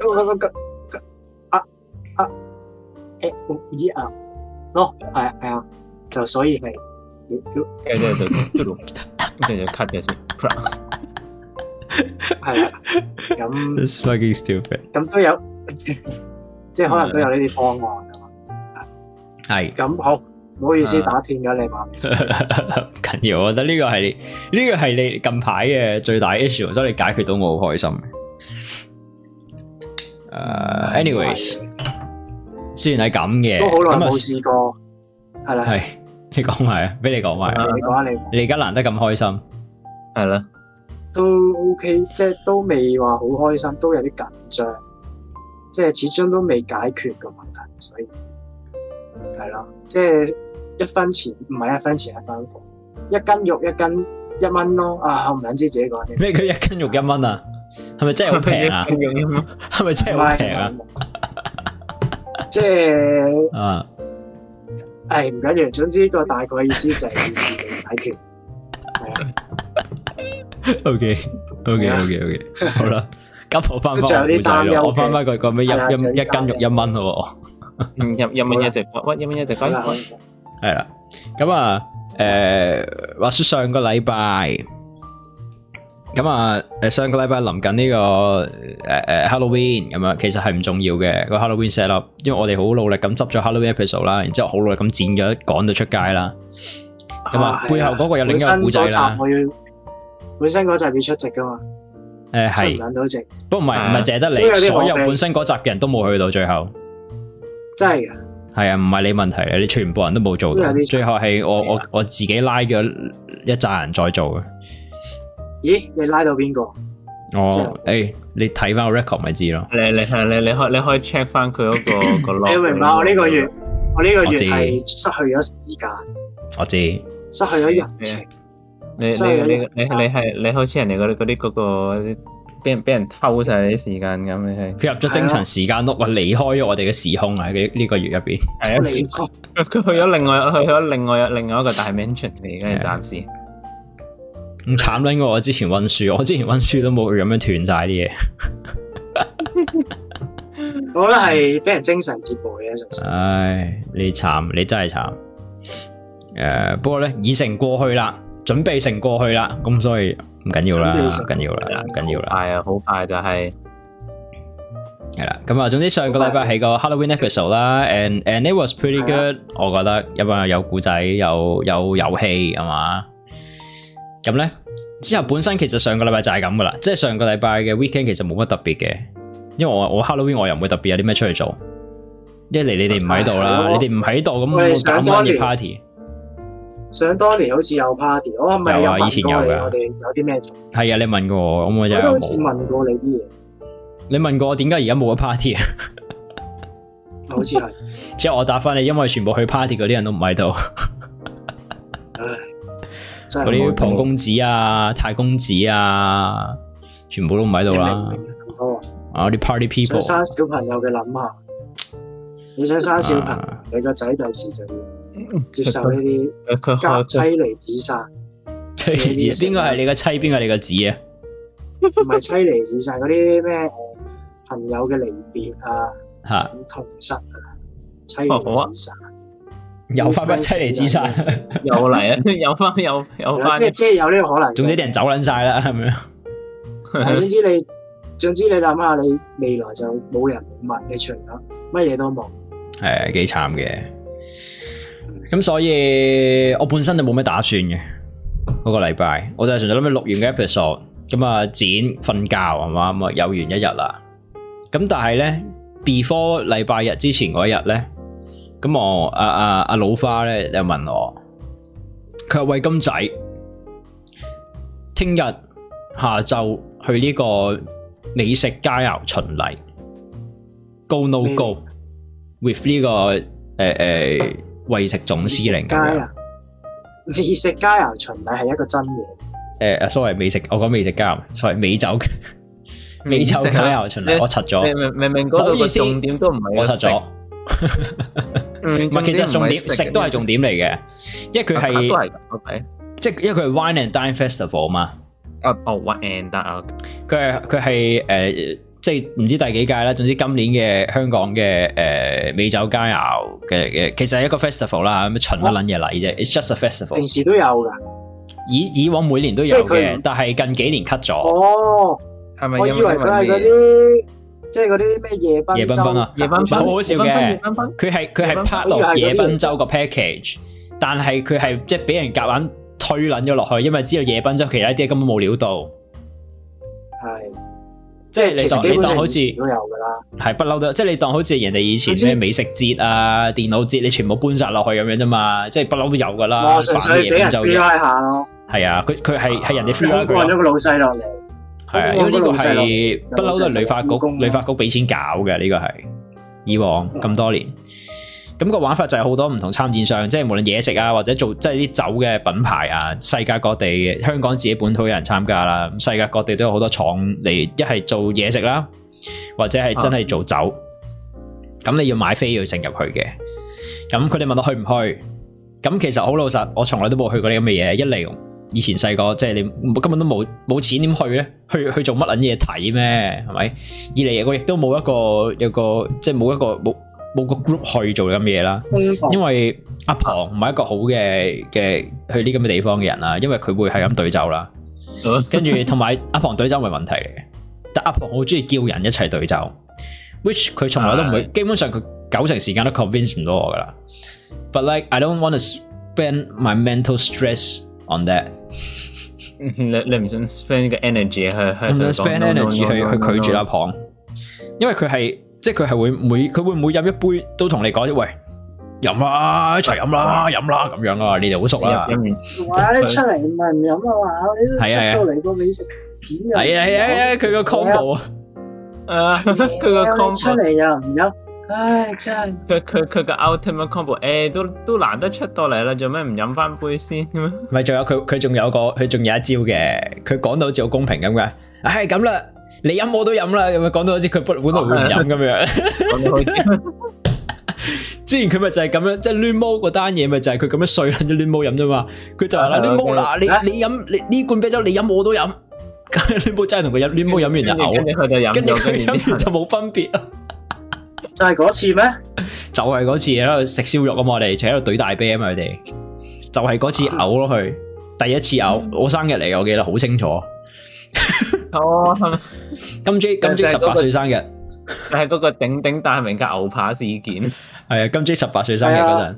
咁咁啊啊！誒，我二啊，哦係係啊，就所以係要要，跟住就一路，跟住就 cut 嘅先，係啦。咁咁都有，即係可能都有呢啲方案噶嘛。係。咁好，唔好意思 x2、yeah. 打斷咗你嘛。緊 *laughs* 要緊， *laughs* 我覺得呢個係、這個、你呢個係你近排嘅最大 issue，所以你解決到我好開心。誒、uh,，anyways，雖然係咁嘅，都好耐冇試過，係啦，係你講埋啊，俾你講埋，你講下你說、嗯、你而家難得咁開心，係、嗯、啦，都 OK，即係都未話好開心，都有啲緊張，即係始終都未解決個問題，所以係啦，即係一分錢唔係一分錢一分貨，一斤肉一斤一蚊咯，啊，我唔想知自己講咩叫一斤肉一蚊啊。啊係咪真係好平啊？係咪真係好平啊？即係，誒，唔緊要，總之個大概意思就係要解決，係啊。OK，OK，OK，OK，好啦，咁我翻翻我翻翻個個咩一一一斤肉一蚊咯，嗯，一一蚊一隻雞，一蚊一隻雞，係啦，咁啊，誒，話說上個禮拜。咁啊！上個禮拜臨近呢、這個誒誒、啊啊、Halloween 咁樣，其實係唔重要嘅個 Halloween set up，因為我哋好努力咁執咗 Halloween episode 啦，然之後好努力咁剪咗，趕到出街啦。咁啊，啊，背後嗰個有另一個故仔啦。本身嗰集我要本身嗰集要出席噶嘛、啊？誒、啊、係，唔到席。不唔係唔係借得你，所有本身嗰集嘅人都冇去到最後。真係噶。係啊，唔係你問題啊，你全部人都冇做到，最後係我我我自己拉咗一扎人再做嘅。咦，你拉到邊個？哦，誒、就是欸，你睇翻個 record 咪知咯。你你你你可你，你可以 check 翻佢嗰個、 *coughs* 嗰個 load。你明白我呢個月，我呢個月係失去咗時間。我知。失去咗人，人情。你你你你你係你好似人哋嗰啲嗰啲嗰個，俾人俾人偷晒你啲時間咁，你係。佢入咗精神時間屋啊，離開咗我哋嘅時空啊！喺呢個月入邊。係啊，佢 *laughs* 去咗另外，去咗另外另外一個 dimension 嚟嘅，暫時。咁慘㖏，我之前溫書，我之前溫書都冇咁樣斷晒啲嘢。我覺得係俾人精神折磨嘅一種。唉，你慘，你真係慘。誒、uh，，不過咧，已成過去啦，準備成過去啦，咁所以唔緊要啦，唔緊要啦，唔緊要啦。係啊，好快就係係啦。咁 *laughs* 啊，總之上個禮拜係個 Halloween episode 啦 *laughs* ，and and it was pretty good。我覺得因為有故仔，有有遊戲，係嘛？咁咧，之後本身其實上個禮拜就係咁噶啦，即係上個禮拜嘅 weekend 其實冇乜特別嘅，因為我我 Halloween 我又唔會特別有啲咩出去做，一嚟你哋唔喺度啦，你哋唔喺度，咁我減翻啲 party。想當年好似有 party，我唔係有問過你我哋有啲咩？係啊，你問過我，咁我就好似問過你啲嘢。你問過我點解而家冇咗 party 啊 *laughs* ？好似係，之後我答翻你，因為全部去 party 嗰啲人都唔喺度。 *laughs* 嗰啲龐公子啊、太公子啊，全部都唔喺度啦。啊，啲 party people。想生小朋友嘅，諗下，你想生小朋友，啊、你個仔第時就要接受呢啲家妻離子散。 *laughs* 妻子邊個係你個妻？邊個你個子，子 *laughs* 啊？唔係妻離子散，嗰啲咩朋友嘅離別啊，痛失。哦、啊，好啊。有翻翻出嚟支晒，又嚟啊！又 *laughs* 翻，又又即係即係有呢個可能。總之啲人走捻晒啦，係咪啊？總之你總之你諗下，你未來就冇人問你出嚟啦，乜嘢都冇，係啊，幾慘嘅。咁所以我本身就冇咩打算嘅。嗰個禮拜，我就純粹諗住錄完嘅 episode，咁啊剪瞓覺係嘛，咁啊有完一日啦。咁但係咧 before 禮拜日之前嗰一日咧。咁我阿阿老花咧又問我，佢話喂金仔，聽日下晝去呢個美食佳肴巡禮，Go No Go、嗯、with 呢、這個誒誒、呃，餵食總司令啊！美食佳肴巡禮係一個真嘢。誒、呃、，sorry，美食我講美食佳肴，sorry，美酒。美酒佳肴巡禮，我柒咗。明明明明，嗰度個重點意思都唔係我柒咗。唔 *laughs* 係、嗯，其實重點是食都係重點嚟嘅、啊，因為佢係即係，啊是 okay. 因為佢係 wine and dine festival 嘛。哦、啊、，wine、oh, and dine 佢係佢係誒，是 uh, 即係唔知第幾屆啦。總之今年嘅香港嘅誒、uh, 美酒佳肴嘅嘅，其實係一個 festival 啦。咁純乜捻嘢嚟啫？It's just a festival。平時都有噶，以以往每年都有嘅，但係近幾年 cut 咗。哦，係咪我以為佢係啲。即係嗰啲咩夜繽紛啊，好、嗯、好笑嘅。佢係佢係拍落夜繽紛個 package，分分但係佢係即係俾人夾硬,硬推捻咗落去，因為知道夜繽紛其他啲根本冇料到。係，即係你當你當好似都有噶啦，係不嬲都即係你當好似人哋以前咩美食節啊、不電腦節，你全部搬晒落去咁樣啫嘛，即係不嬲都有噶啦。純粹俾人 play 下咯。係啊，佢佢係係人哋換咗個老細落嚟。係啊，因為呢個係不嬲都係旅發局，旅發局俾錢搞嘅呢、這個係，以往咁多年，咁、那個玩法就係好多唔同參展商，即係無論嘢食啊，或者做即係啲酒嘅品牌啊，世界各地嘅香港自己本土嘅人參加啦，世界各地都有好多廠嚟一係做嘢食啦，或者係真係做酒，咁、啊、你要買飛要剩入去嘅，咁佢哋問我去唔去，咁其實好老實，我從來都冇去過啲咁嘅嘢，一嚟。以前細個即係你根本都冇冇錢點去咧？去去做乜撚嘢睇咩？係咪？二嚟我亦都冇一個有個即係冇一個冇冇個 group 去做咁嘅嘢啦。因為阿婆唔係一個好嘅嘅去呢咁嘅地方嘅人啦。因為佢會係咁對就啦。跟住同埋阿婆對就係問題嚟嘅。但阿婆好中意叫人一齊對就，which 佢從來都唔會。基本上佢九成時間都 convince 唔到我噶啦。But like I don't want to spend my mental stress On that， *laughs* 你你唔想 spend 個 energy 去去、um, spend no energy 去去拒絕阿龐，因為佢係即係佢係會每佢會每飲一杯都同你講，喂飲啦，一齊飲啦，飲 *laughs* 啦咁樣啊，你哋好熟啦。我 *laughs* 啲出嚟唔係唔飲啊嘛，係啊係啊，嚟個美食，係啊係啊，佢個 combo 啊，佢個、啊啊啊啊啊、 *laughs* 出嚟又唔飲。唉，真係佢佢佢個 ultimate combo，誒、欸，都都難得出到嚟啦，做咩唔飲翻杯先？唔係，仲有佢佢仲有個佢仲有一招嘅，佢講到好似好公平咁嘅。唉、啊，咁啦，你飲我都飲啦，咁樣講到好似佢不唔會唔飲咁樣。哦啊、 *laughs* 之前佢咪就係咁樣，即係亂摸嗰單嘢咪就係佢咁樣碎啦，亂摸飲啫嘛。佢就話啦，亂摸嗱，你你飲，你呢罐啤酒你飲我都飲。梗係亂摸真係同佢飲，亂摸飲完就嘔，佢就飲，跟住佢飲完就冇分別啊。 *laughs* 就係嗰次咩？就係嗰次喺度食燒肉啊嘛，我哋就喺度懟大啤啊嘛，佢哋就係嗰次嘔咯，佢第一次嘔，我生日嚟嘅，我記得好清楚。哦，金 J 金 J 十八歲生日，就係嗰個鼎鼎大名嘅牛扒事件。係啊，金 J 十八歲生日嗰陣，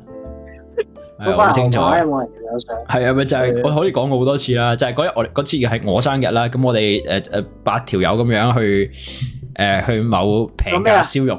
係好清楚。係啊，咪就係我可以講過好多次啦。就係嗰日我哋嗰次係我生日啦，咁我哋誒誒八條友咁樣去誒去某平價燒肉。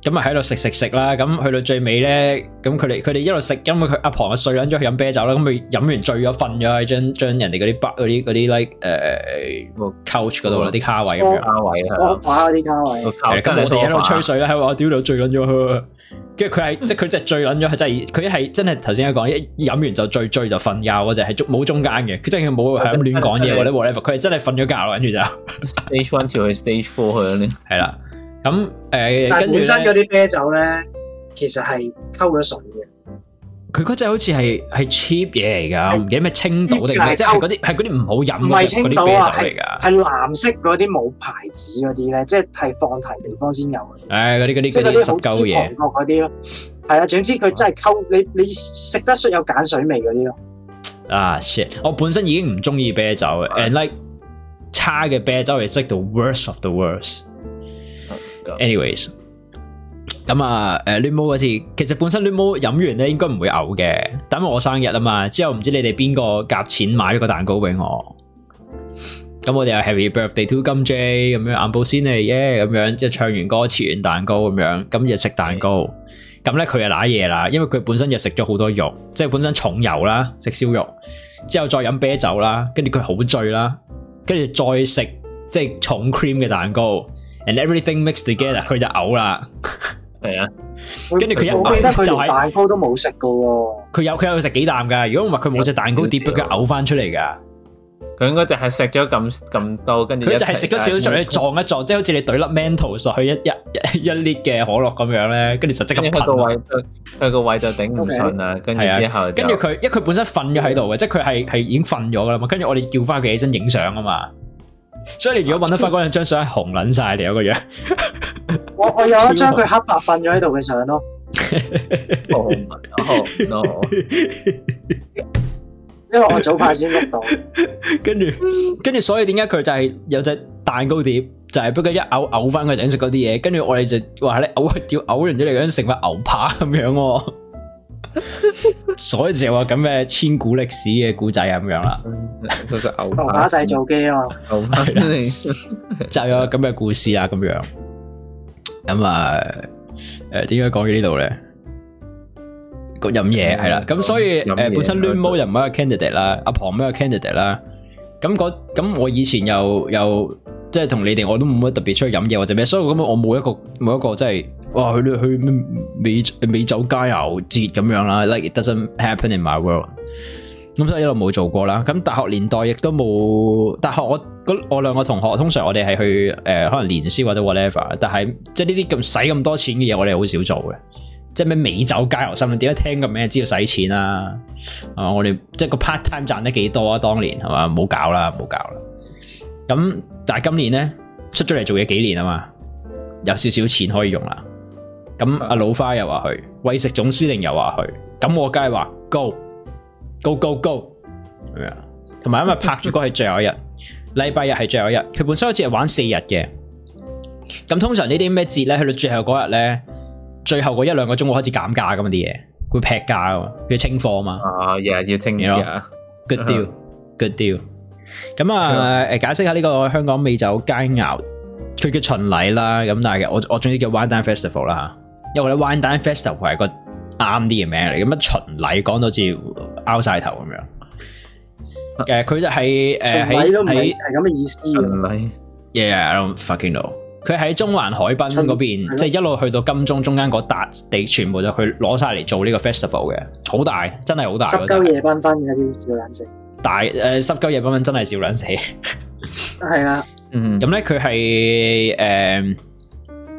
咁咪喺度食食食啦，咁去到最尾咧，咁佢哋佢哋一路食，因咁佢阿婆嘅睡撚咗去飲啤酒啦，咁佢飲完醉咗瞓咗喺張張人哋嗰啲啲啲 like 誒個 couch 嗰度啦，啲、呃、卡位咁樣、嗯，卡位係，玩嗰啲卡位，跟我哋一路吹水啦，喺我屌度醉撚咗佢，跟住佢係即係佢即係醉撚咗，係、嗯、真係，佢、嗯、係真係頭先講，一飲完就醉醉就瞓覺，whatever, 覺就係中冇中間嘅，佢真係冇響亂講嘢 whatever，佢係真係瞓咗覺跟住就 stage one 跳去 stage four 去係啦。 *laughs* 咁、嗯、誒，呃、本身嗰啲啤酒咧、嗯，其實係溝咗水嘅。佢嗰隻好似係係 cheap 嘢嚟噶，我唔記得咩青島定咩，即係嗰啲係啲唔好飲嘅，唔係青島啊，係藍色嗰啲冇牌子嗰啲咧，即係係放題地方先有。誒、哎，嗰啲嗰啲嗰啲濕鳩嘢，韓國嗰啲咯，係啊，總之佢真係溝你你食得出有鹼水味嗰啲咯。啊、ah, shit！我本身已經唔中意啤酒嘅 and like 差嘅啤酒係 like the worst of the worst。Anyways，咁啊，誒、呃，檸檬嗰次其實本身檸檬飲完咧應該唔會嘔嘅，等我生日啊嘛，之後唔知你哋邊個夾錢買咗個蛋糕俾我。咁我哋又 Happy Birthday to Kim J 咁樣，阿布先嚟耶，咁樣即係唱完歌，切完蛋糕咁樣，咁就食蛋糕。咁咧佢又攋嘢啦，因為佢本身就食咗好多肉，即係本身重油啦，食燒肉，之後再飲啤酒啦，跟住佢好醉啦，跟住再食即係重 cream 嘅蛋糕。And everything mixed together，佢就嘔啦。係啊，跟住佢一我記得佢就係蛋糕都冇食過喎。佢有佢有食幾啖噶。如果唔係佢冇隻蛋糕碟俾佢嘔翻出嚟噶。佢應該就係食咗咁咁多，跟住佢就係食咗少少，你撞一撞，即係好似你懟粒 Mentos 落去一一一列嘅可樂咁樣咧，跟住就即刻噴。佢個位就佢個位就頂唔順啦。跟住之後，跟住佢一佢本身瞓咗喺度嘅，即係佢係係已經瞓咗噶啦嘛。跟住我哋叫翻佢起身影相啊嘛。所以你如果搵得返兩張相紅撚晒你有個樣，啊。我我有一張佢黑白瞓咗喺度嘅相咯。哦哦，哦，因為我早排先碌到，跟住跟住，所以點解佢就係有隻蛋糕碟，就係不過一嘔嘔翻佢整食嗰啲嘢，跟住我哋就話咧嘔啊，屌嘔完咗嚟，成塊牛扒咁樣，哦。所以就話咁嘅千古歷史嘅古仔咁樣啦，牛馬仔做機咯，就有咁嘅故事啊咁樣。咁啊，誒，點解講起呢度咧？個飲嘢係啦，咁所以誒，本身攣毛又唔係個 candidate 啦，阿婆唔係 candidate 啦。咁嗰咁我以前又又。即係同你哋，我都冇乜特別出去飲嘢或者咩，所以咁我冇一個冇一個即、就、係、是、哇去去美美酒佳肴節咁樣啦，like it doesn't happen in my world。咁所以一路冇做過啦。咁大學年代亦都冇大學我，我我兩個同學通常我哋係去誒、呃、可能年宵或者 whatever，但係即係呢啲咁使咁多錢嘅嘢，我哋好少做嘅。即係咩美酒佳肴新聞？點解聽個名知道使錢啦、啊？啊，我哋即係個 part time 賺得幾多啊？當年係嘛？唔好搞啦，唔好搞啦。咁。但係今年咧出咗嚟做嘢幾年啊嘛，有少少錢可以用啦。咁阿老花又話去，喂食總司令又話去，咁我梗係話 go go go go 係咪？同埋因為拍住個係最後一 *laughs* 日，禮拜日係最後一日，佢本身好似係玩四日嘅。咁通常節呢啲咩節咧去到最後嗰日咧，最後嗰一兩個鐘我開始減價噶嘛啲嘢，會劈價啊嘛，要清貨啊嘛。啊，要、yeah, 要清 you know?，good deal，good deal。 *laughs* 咁啊，誒、yeah.，解釋下呢、這個香港美酒佳肴，佢叫巡禮啦，咁但係我我中意叫 wine dine festival 啦吓，因為咧 wine dine festival 係個啱啲嘅名嚟，咁乜巡禮講到似拗晒頭咁樣。誒、就是，佢就喺誒喺喺係咁嘅意思。Yeah，I don't fucking know. 佢喺中環海濱嗰邊，即係一路去到金鐘中間嗰笪地，全部就佢攞晒嚟做呢個 festival 嘅，好大，真係好大。收夜繽紛嘅啲小零食。大誒、呃，十九日咁樣真係笑卵死、啊，係啦，嗯，咁咧佢係誒，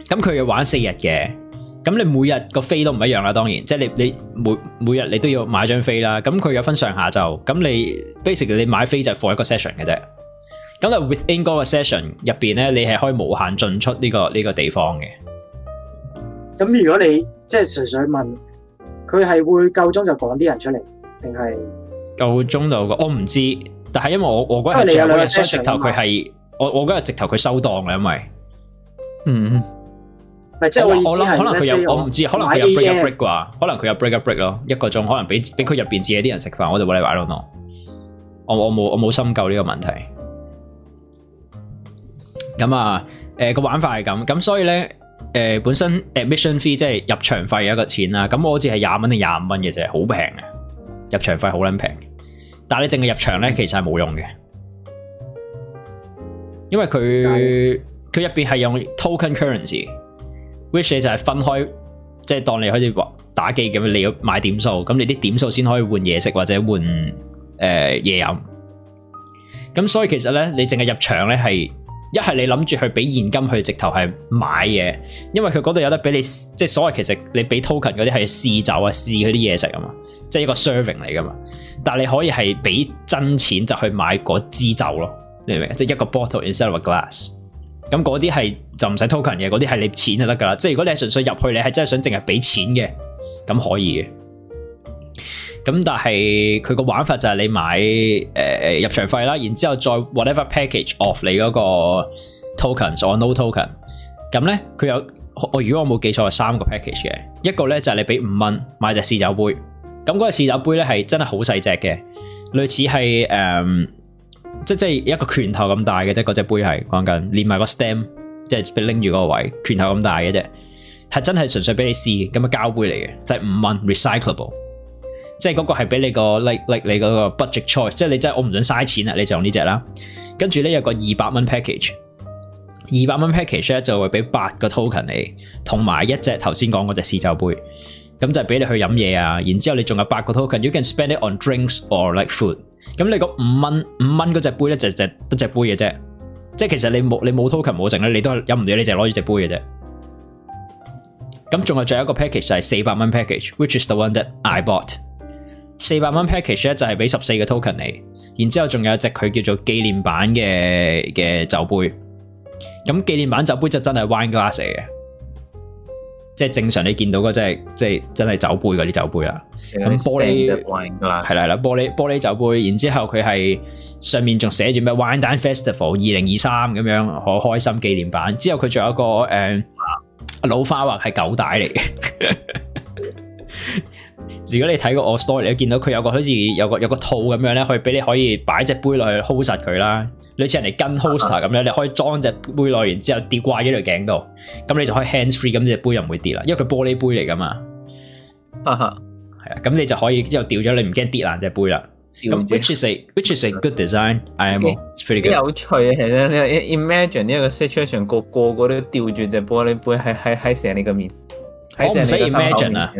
咁佢要玩四日嘅，咁你每日個飛都唔一樣啦，當然，即係你你每每日你都要買張飛啦，咁佢有分上下晝，咁你 basically 你買飛就 for 一個 session 嘅啫，咁啊 within 嗰個 session 入邊咧，你係可以無限進出呢個呢個地方嘅。咁如果你即係純粹問，佢係會夠鐘就趕啲人出嚟，定係？夠鐘到㗎，我唔知，但係因為我我嗰日我係直頭佢係，我覺得、啊啊、我嗰日直頭佢收檔嘅，因為，嗯，咪即係我諗可能佢有我唔知，可能佢 break a、啊、break 啩、啊，可能佢有 break a、啊、break 咯，一個鐘可能俾俾佢入邊自己啲人食飯，我就話你唔係咯，我我冇我冇深究呢個問題。咁啊，誒、呃、個玩法係咁，咁所以咧，誒、呃、本身 admission fee 即係入場費有一個錢啦，咁我好似係廿蚊定廿五蚊嘅啫，好平啊，入場費好撚平。但你淨係入場咧，其實係冇用嘅，因為佢佢入邊係用 token currency，which 就係分開，即係當你可以玩打機咁樣，你要買點數，咁你啲點數先可以換嘢食或者換誒嘢飲。咁所以其實咧，你淨係入場咧係。一係你諗住去俾現金去直頭係買嘢，因為佢嗰度有得俾你，即係所謂其實你俾 token 嗰啲係試酒啊，試嗰啲嘢食啊嘛，即係一個 serving 嚟噶嘛。但係你可以係俾真錢就去買嗰支酒咯，你明唔明？即係一個 bottle instead of a glass 那那。咁嗰啲係就唔使 token 嘅，嗰啲係你錢就得噶啦。即係如果你係純粹入去，你係真係想淨係俾錢嘅，咁可以嘅。咁但係佢個玩法就係你買誒、呃、入場費啦，然之後再 whatever package of 你嗰個 tokens or no token。咁咧佢有我如果我冇記錯係三個 package 嘅，一個咧就係、是、你俾五蚊買隻試酒杯。咁、那、嗰個試酒杯咧係真係好細隻嘅，類似係誒、嗯、即即係一個拳頭咁大嘅啫，嗰隻杯係講緊連埋個 stem，即係俾拎住嗰個位，拳頭咁大嘅啫，係真係純粹俾你試咁嘅膠杯嚟嘅，就係五蚊 recyclable。即係嗰個係俾你個 like like 你個 budget choice，即係你真係我唔準嘥錢啊！你就用呢隻啦。跟住咧有個二百蚊 package，二百蚊 package 咧就會俾八個 token 你，同埋一隻頭先講嗰隻試酒杯，咁就係俾你去飲嘢啊。然之後你仲有八個 token，you can spend it on drinks or like food 那那。咁你個五蚊五蚊嗰隻杯咧就就得隻，隻杯嘅啫，即係其實你冇你冇 token 冇剩咧，你都係飲唔到，你就攞住隻杯嘅啫。咁仲有最後一個 package 就係四百蚊 package，which is the one that I bought。四百蚊 package 咧就係俾十四個 token 你，然之後仲有一隻佢叫做紀念版嘅嘅酒杯，咁紀念版酒杯就真係 wine glass 嘅，即係正常你見到嗰即係即係真係酒杯嗰啲酒杯啦，咁玻璃係啦啦玻璃玻璃酒杯，然之後佢係上面仲寫住咩 Wine & Dine Festival 二零二三咁樣，好開心紀念版，之後佢仲有一個誒、um, 老花或係狗帶嚟嘅。如果你睇過我 story，你見到佢有個好似有個有個套咁樣咧，可以俾你可以擺隻杯落去 hold 實佢啦。類似人哋 gun holster 咁咧，uh -huh. 你可以裝隻杯落，然之後跌掛喺條頸度，咁你就可以 hands free，咁隻杯又唔會跌啦，因為佢玻璃杯嚟噶嘛。哈係啊，咁你就可以又掉咗，你唔驚跌爛隻杯啦。咁 which is a, which is good design，I、uh -huh. am、okay. pretty good. 有趣啊，其實呢 imagine 呢一個 situation，個個，個都吊住隻玻璃杯喺喺喺成你個面，面，我唔 imagine 啊。 *laughs*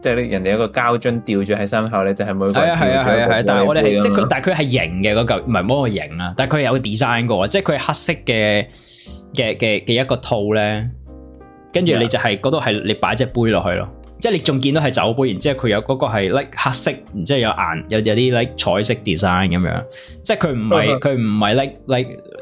即係你人哋一個膠樽吊住喺身後咧，就係每個吊住一個杯咁樣。但係我哋係即係佢，但係佢係型嘅嗰嚿，唔係摸個型啊！但係佢有 design 噶喎，即係佢係黑色嘅嘅嘅嘅一個套咧。跟住你就係嗰度係你擺隻杯落去咯。即係你仲見到係酒杯，然之後佢有嗰個係 like 黑色，然之後有顏有有啲 like 彩色 design 咁樣。即係佢唔係佢唔係 like like。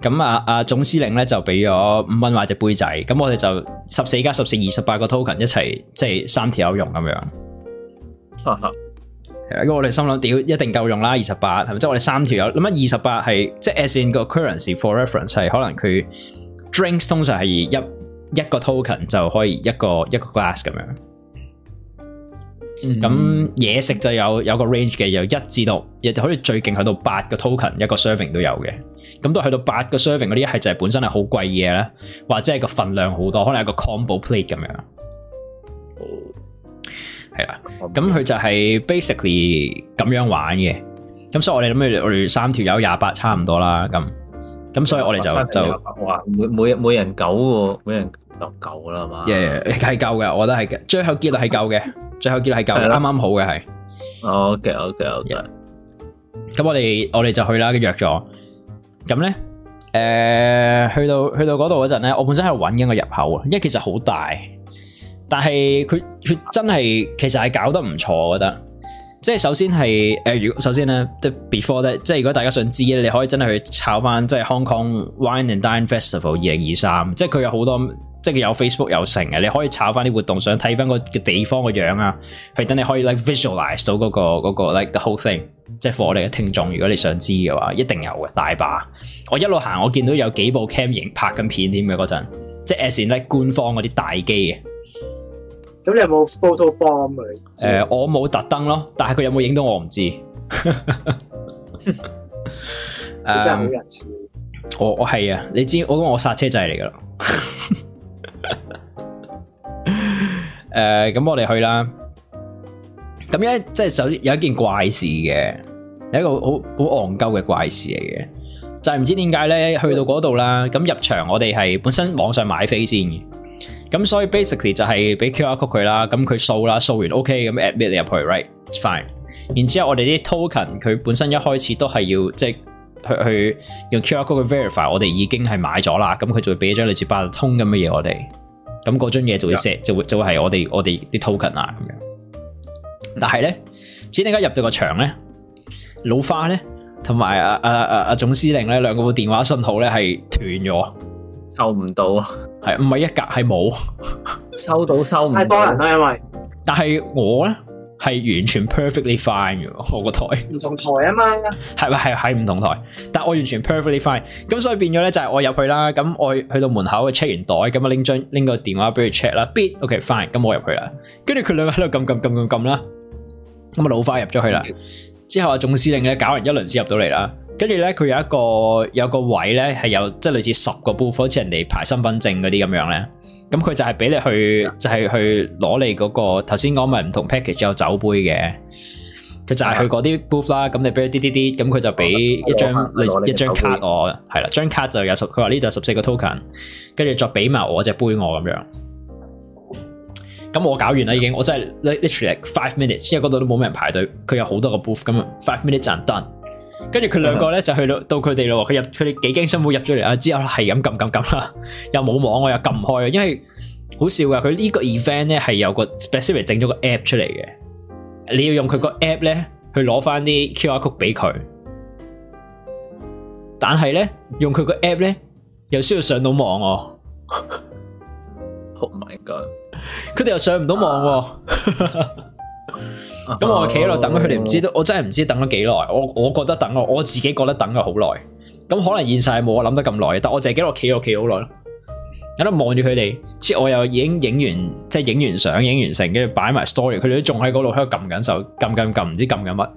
咁啊啊總司令咧就俾咗五蚊或隻杯仔，咁我哋就十四加十四二十八個 token 一齊，即係三條友用咁樣。係 *laughs* 咁我哋心諗屌一定夠用啦，二十八係咪？即係我哋三條友，諗一二十八係即係 as in 個 currency for reference 係可能佢 drinks 通常係一一個 token 就可以一個一個 glass 咁樣。咁、mm -hmm. 野食就有有個 range 嘅，由一至六亦就好似最勁去到八個 token 一個 serving 都有嘅，咁都去到八個 serving 嗰啲，一係就係本身係好貴嘢啦，或者係個份量好多，可能係個 combo plate 咁樣。哦，係、mm、啦 -hmm.，咁佢就係 basically 咁樣玩嘅，咁所以我哋諗住我哋三條友廿八差唔多啦，咁。咁所以，我哋就就話，每每每人九喎，每人夠夠啦，係嘛？誒，係夠嘅，我覺得係嘅。最後結論係夠嘅，最後結論係夠，啱啱好嘅係。OK，OK，OK。咁我哋我哋就去啦，跟約咗。咁咧，誒，去到去到嗰度嗰陣咧，我本身喺度搵緊個入口啊，因為其實好大，但係佢佢真係其實係搞得唔錯，我覺得。即係首先係誒，如、呃、首先咧，即係 before 咧，即係如果大家想知咧，你可以真係去炒翻即係 Hong Kong Wine and Dine Festival 二零二三，即係佢有好多，即係有 Facebook 有成嘅，你可以炒翻啲活動，想睇翻個嘅地方嘅樣啊，去等你可以 like visualize 到嗰個、嗰個、like the whole thing，即係 for 我哋嘅聽眾，如果你想知嘅話，一定有嘅，大把。我一路行，我見到有幾部 cam 影拍緊片添嘅嗰陣，即係 as in like 官方嗰啲大機嘅。咁、嗯、你有冇 photo bomb 我冇特登咯，但係佢有冇影到我唔知道、 *laughs* *laughs* 嗯。真係冇人。我我係啊，你知我我煞車掣嚟噶啦。誒、 *laughs* 呃，咁我哋去啦。咁一即係有有一件怪事嘅，有一個好好戇鳩嘅怪事嚟嘅，就係、是、唔知點解咧，去到嗰度啦。咁入場我哋係本身網上買飛先嘅。咁所以 basically 就係俾 QR code 佢啦，咁佢掃啦，掃完 OK 咁 admit 你入去 right，fine。Right? Fine. 然之後我哋啲 token 佢本身一開始都係要即係、就是、去去用 QR code 去 verify，我哋已經係買咗啦，咁佢就會俾咗，類似八達通咁嘅嘢我哋，咁嗰張嘢就會 set，就會就會係我哋我哋啲 token 啊咁樣。但係咧，唔知點解入到個場咧，老花咧，同埋阿阿阿總司令咧，兩個電話信號咧係斷咗，收唔到。係唔係一格？係冇收到，收唔到，太多人啦，因為但係我咧係完全 perfectly fine 嘅，我個台唔同台啊嘛，係咪係係唔同台？但我完全 perfectly fine，咁所以變咗咧就係我入去啦，咁我去到門口去 check 完袋，咁啊拎張拎個電話俾佢 check 啦，bid，ok fine，咁我入去啦，跟住佢兩個喺度撳撳撳撳撳啦，咁啊老花入咗去啦，之後啊總司令咧搞完一輪先入到嚟啦。跟住咧，佢有一個有一個位咧，係有即係類似十個 booth 好似人哋排身份證嗰啲咁樣咧。咁佢就係俾你去，就係、是、去攞你嗰、那個頭先講咪唔同 package 有酒杯嘅。佢就係去嗰啲 booth 啦。咁你俾啲啲啲，咁佢就俾一張我我一張卡我，係啦，張卡就有十，佢話呢度十四個 token。跟住再俾埋我隻杯我咁樣。咁我搞完啦已經，我真係 literally、like、five minutes，因為嗰度都冇咩人排隊。佢有好多個 booth 咁 five minutes 就 done。跟住佢兩個咧就去到到佢哋咯，佢入佢哋幾驚辛苦入咗嚟啊。之後係咁撳撳撳啦，又冇網我又撳唔開，因為好笑噶，佢呢個 event 咧係有個 specific 整咗個 app 出嚟嘅，你要用佢個 app 咧去攞翻啲 QR Code 俾佢，但係咧用佢個 app 咧又需要上到網哦。Oh my god！佢哋又上唔到網喎。咁我企喺度等佢哋，唔、oh, 知道我真係唔知等咗幾耐。我我覺得等我，我自己覺得等咗好耐。咁可能現實係冇我諗得咁耐，但係我自己落企喺度企好耐咯。喺度望住佢哋，即我又已經影完，即係影完相、影完成，跟住擺埋 story。佢哋都仲喺嗰度喺度撳緊手，撳撳撳，唔知撳緊乜。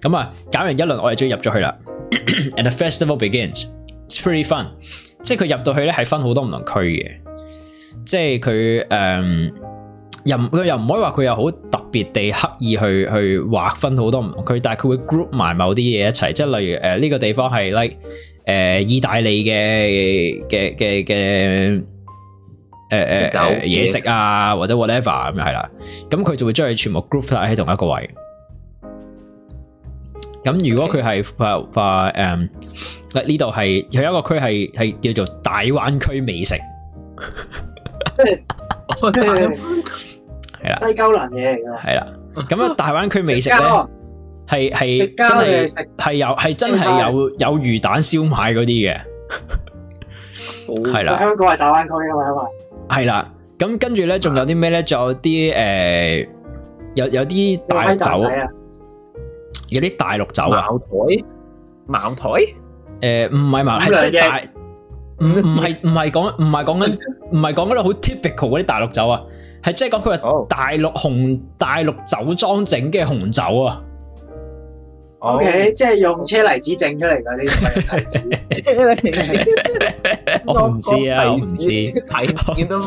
咁啊，搞完一輪，我哋終於入咗去啦。 *laughs* And the festival begins. It's pretty fun 即。即係佢入到去咧，係分好多唔同區嘅。即係佢誒。又佢又唔可以話佢又好特別地刻意去去劃分好多唔同區，佢但係佢會 group 埋某啲嘢一齊，即係例如誒呢、呃呢個地方係 like 誒、呃、意大利嘅嘅嘅嘅誒誒嘢食啊，或者 whatever 咁係啦，咁佢就會將佢全部 group 晒喺同一個位。咁如果佢係話話誒，呢度係有一個區係係叫做大灣區美食， *laughs* *laughs* 低鳩難嘢嚟噶，係啦。咁樣，大灣區美食咧，係係食膠嘅食，係有係真係有有魚蛋燒賣嗰啲嘅。係啦，香港係大灣區噶嘛，因為係啦。咁跟住咧，仲有啲咩咧？仲有啲誒，有有啲大陸酒啊，有啲大陸酒啊，茅台、茅台。誒，唔係茅台，即係大，唔唔係唔係講唔係講緊唔係講緊嗰啲好 typical 嗰啲大陸酒啊。係即係講佢話大陸紅大陸酒莊整嘅紅酒啊 oh. Oh.，OK，即係用車厘子整出嚟噶呢個，我唔知啊，我唔知，睇見到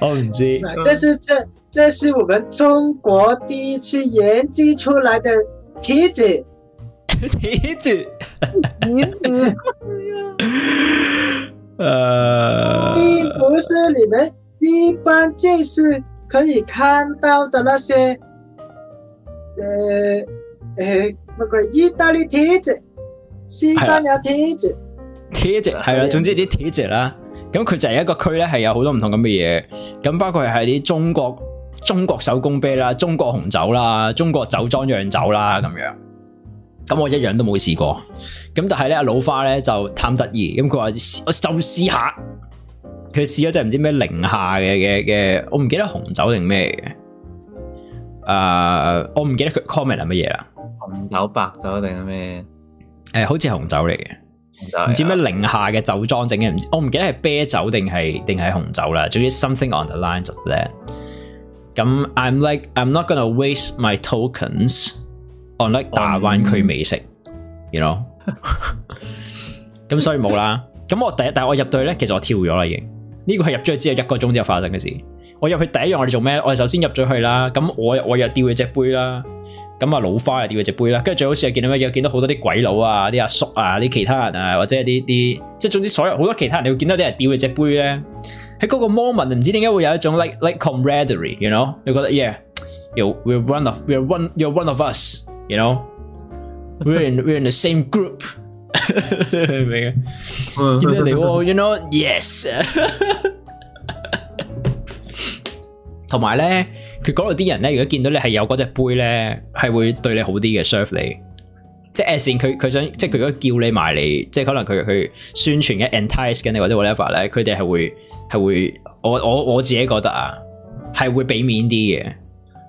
我唔知。 *laughs* 這是這這是我們中國第一次研製出嚟嘅提子，提 *laughs* 提子，你唔要，呃， *laughs* 不是你們。一般就是可以看到的那些，誒、呃、誒，乜、呃那個、意大利鐵席，西班牙鐵席，鐵席係啦，總之啲鐵席啦，咁佢就係一個區咧，係有好多唔同咁嘅嘢，咁包括係啲中國中國手工啤啦，中國紅酒啦，中國酒莊釀酒啦咁樣，咁我一樣都冇試過，咁但係咧阿老花咧就貪得意，咁佢話我就試下。佢試咗隻唔知咩零下嘅嘅嘅，我唔記得係紅酒定咩嘅。誒、uh,，我唔記得佢 comment 係乜嘢啦。紅酒白酒定係咩？誒、呃，好似係紅酒嚟嘅，唔、啊、知咩零下嘅酒莊整嘅，唔知我唔記得係啤酒定係定係紅酒啦。總之 something on the lines of that, that。咁 I'm like I'm not gonna waste my tokens on like 大、嗯、灣區美食，you know？咁 *laughs* *laughs* 所以冇啦。咁我第一，但係我入到去咧，其實我跳咗啦已經。呢個係入咗去之後一個鐘之後發生嘅事。我入去第一樣我哋做咩？我哋首先入咗去啦。咁我我又掉咗隻杯啦。咁啊老花又掉咗隻杯啦。跟住最好似係見到咩？又見到好多啲鬼佬啊、啲阿叔啊、啲其他人啊，或者啲啲即係總之所有好多其他人，你會見到啲人掉咗隻杯咧。喺嗰個 moment 唔知點解會有一種 like like camaraderie，you know？你覺得 yeah？You're we're one of we're one you're one of us，you know？We're in *laughs* we're in the same group。 *laughs* 明啊白， *laughs* 見到你我，you know，yes。 *laughs* 同埋咧，佢嗰度啲人咧，如果見到你係有嗰隻杯咧，係會對你好啲嘅 serve 你，即係 asin 佢佢想，即係佢如果叫你埋嚟，即係可能佢去宣傳嘅 entice 你或者 whatever 咧，佢哋係會係會，我我我自己覺得啊，係會俾面啲嘅。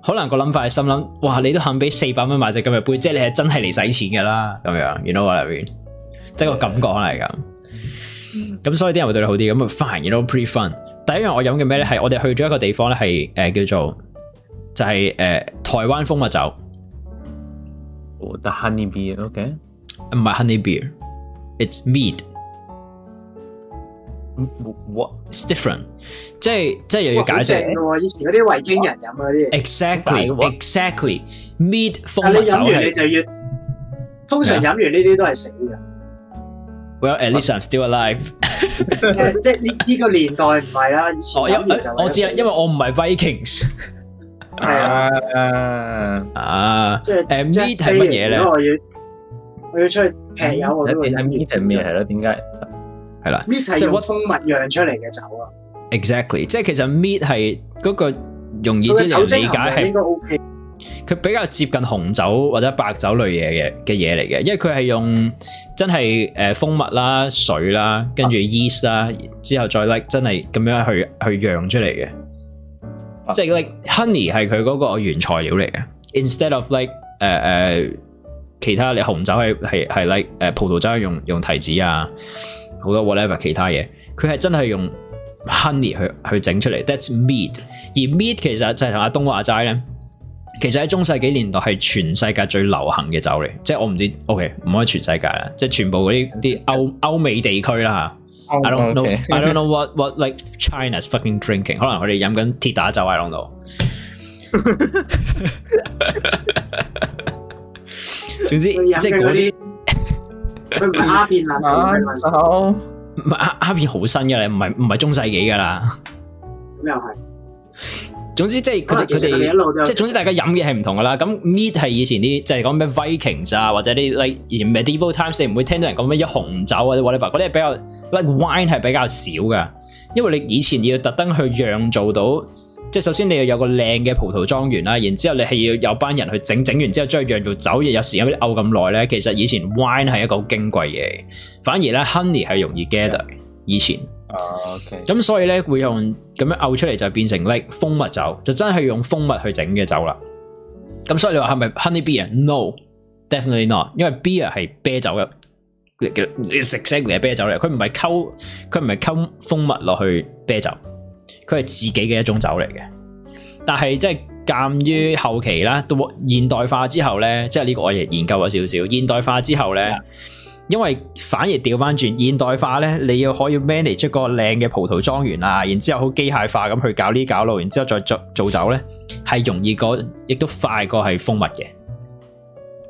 可能個諗法係心諗，哇，你都肯俾四百蚊買隻咁嘅杯，即係你係真係嚟使錢噶啦，咁 *laughs* 樣，you know what I mean 即係個感覺可能係咁，咁所以啲人會對你好啲。咁 fine，you know，pretty fun。第一樣我飲嘅咩咧，係我哋去咗一個地方咧，係誒叫做就係誒台灣蜂蜜酒。哦，the honey beer，OK？唔係 honey beer，it's mead。What？It's different。即係即係又要解釋。以前嗰啲維京人飲嗰啲。Exactly，Exactly。Mead 蜂蜜酒，但係你飲完你就要，通常飲完呢啲都係死㗎。Well, at least I'm still alive。即係呢呢個年代唔係啦，以前就我知啊，因為我唔係 Vikings。係啊啊！即係誒，mead 係乜嘢咧？我要我要出去劈友，我都要 mead 係乜嘢嚟咯？點解係啦？mead 係用蜂蜜釀出嚟嘅酒啊！Exactly，即係其實 mead 係嗰個容易啲嚟理解係應該 OK。佢比較接近紅酒或者白酒類嘢嘅嘅嘢嚟嘅，因為佢係用真係誒蜂蜜啦、水啦，跟住 yeast 啦，之後再 like 真係咁樣去去釀出嚟嘅，uh -huh. 即係 like honey 係佢嗰個原材料嚟嘅。Instead of like 誒、uh, 誒、uh, 其他你紅酒係係係 like 誒、uh, 葡萄酒用用提子啊，好多 whatever 其他嘢，佢係真係用 honey 去去整出嚟。That's meat，而 meat 其實就係同阿東同阿齋咧。其實喺中世紀年代係全世界最流行嘅酒嚟，即係我唔知道，OK 唔可以全世界啦，即係全部嗰啲啲歐歐美地區啦。Okay, I don't know,okay. I don't know what what like China's fucking drinking。可能佢哋飲緊鐵打酒，I don't know。 *laughs* 總之 *laughs* 即係嗰啲佢唔係阿片啊，好唔係阿片好新嘅，你唔係唔係中世紀噶啦，咁又係。總之即係佢哋佢哋，即係總之大家飲嘅係唔同噶啦。咁 meat 係以前啲就係、是、講咩 Vikings 啊，或者啲以前 medieval times，你唔會聽到人講咩一紅酒或者 whatever 啲比較 like wine 係比較少噶。因為你以前要特登去釀造到，即係首先你要有個靚嘅葡萄莊園啦，然之後你係要有班人去整，整完之後將佢釀造酒，亦有時有啲漚咁耐咧。其實以前 wine 係一個好矜貴嘢，反而咧 honey 係容易 gather，yeah. 以前。哦、oh, okay. 嗯，咁所以咧會用咁樣漚出嚟就變成叻、like、蜂蜜酒，就真係用蜂蜜去整嘅酒啦。咁所以你話係咪 honey beer？No，definitely not，因為 beer 係啤酒嘅 exactly 係啤酒嚟，佢唔係溝，佢唔係溝蜂蜜落去啤酒，佢係自己嘅一種酒嚟嘅。但係即係鑒於後期啦，到現代化之後咧，即係呢個我亦研究咗少少，現代化之後咧。Yeah. 因為反而調翻轉現代化咧，你要可以 manage 一個靚嘅葡萄莊園啦，然之後好機械化咁去搞呢搞路然之後再做,做走呢，酒咧，係容易過，亦都快過係蜂蜜嘅。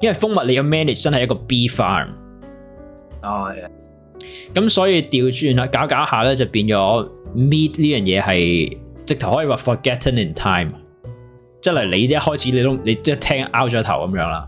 因為蜂蜜你要 manage 真係一個 bee farm、哦。咁所以調轉啦，搞一搞一下咧就變咗 meat 呢樣嘢係直頭可以話 forgotten in time，即係你一開始你都你一聽 out 咗頭咁樣啦。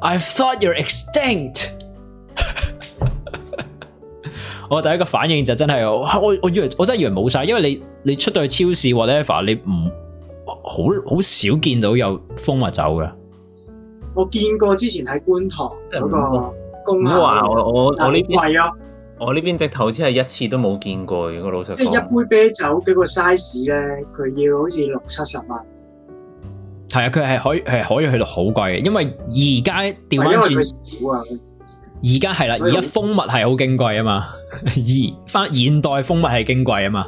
I thought you're extinct。 *laughs* 我第一個反應就真係我我我以為我真係以為冇晒，因為你你出到去超市或者凡你唔好好少見到有蜂蜜酒嘅。我見過之前喺觀塘嗰個公唔話我我我呢邊。貴啊！我呢邊直頭真係一次都冇見過個老實講。即、就、係、是、一杯啤酒嘅個 size 咧，佢要好似六七十蚊。係啊，佢係可以，係可以去到好貴嘅，因為而家調翻轉，而家係啦，而家蜂蜜係好矜貴啊嘛，而翻現代蜂蜜係矜貴啊嘛，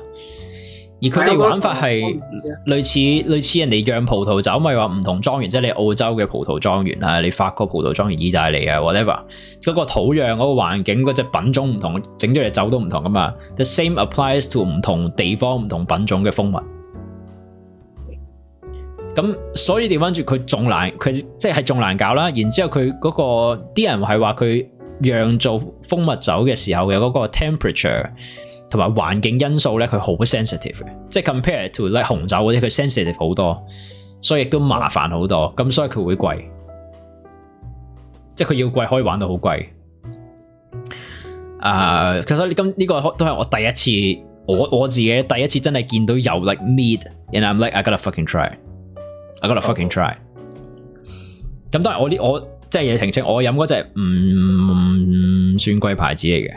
而佢哋玩法係類似類似，類似人哋釀葡萄酒，咪話唔同莊園，即係你澳洲嘅葡萄莊園啊，你法國葡萄莊園、意大利啊 whatever，嗰個土壤、嗰個環境、嗰隻品種唔同，整咗隻酒都唔同噶嘛。The same applies to 唔同地方、唔同品種嘅蜂蜜。咁所以調翻轉佢仲難，佢即係仲難搞啦。然之後佢嗰個啲人係話佢釀造蜂蜜酒嘅時候嘅嗰個 temperature 同埋環境因素咧，佢好 sensitive，即係 compare to like 紅酒嗰啲，佢 sensitive 好多，所以亦都麻煩好多。咁所以佢會貴即係佢要貴可以玩到好貴。Uh, 其實你今呢個都係我第一次，我我自己第一次真係見到有 like meat，and I'm like I gotta fucking try。I gotta fucking try。咁當然我呢我即係嘢澄清，我飲嗰隻唔算貴牌子嚟嘅。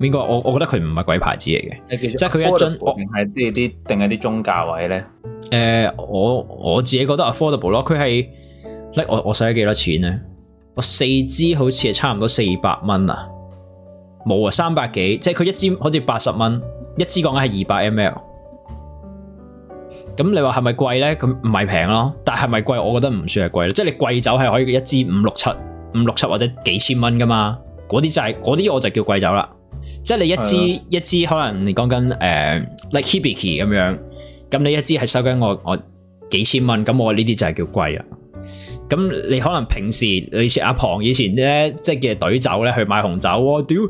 邊個？我我覺得佢唔係貴牌子嚟嘅。即係佢一樽，定係啲啲，定係啲中價位咧？誒、呃，我我自己覺得 affordable 咯。佢係，叻我我使咗幾多錢咧？我四支好似係差唔多四百蚊啊！冇啊，三百幾。即係佢一支好似八十蚊，一支講緊係二百 ml。咁你話係咪貴咧？咁唔係平咯，但係咪貴？我覺得唔算係貴咯。即係你貴酒係可以一支五六七、五六七或者幾千蚊噶嘛。嗰啲就係嗰啲，我就叫貴酒啦。即係你一支一支，可能你講緊誒，like Hibiki 咁樣，咁你一支係收緊我我幾千蚊，咁我呢啲就係叫貴啊。咁你可能平時你似阿龐以前咧，即係叫隊酒咧去買紅酒，哇屌，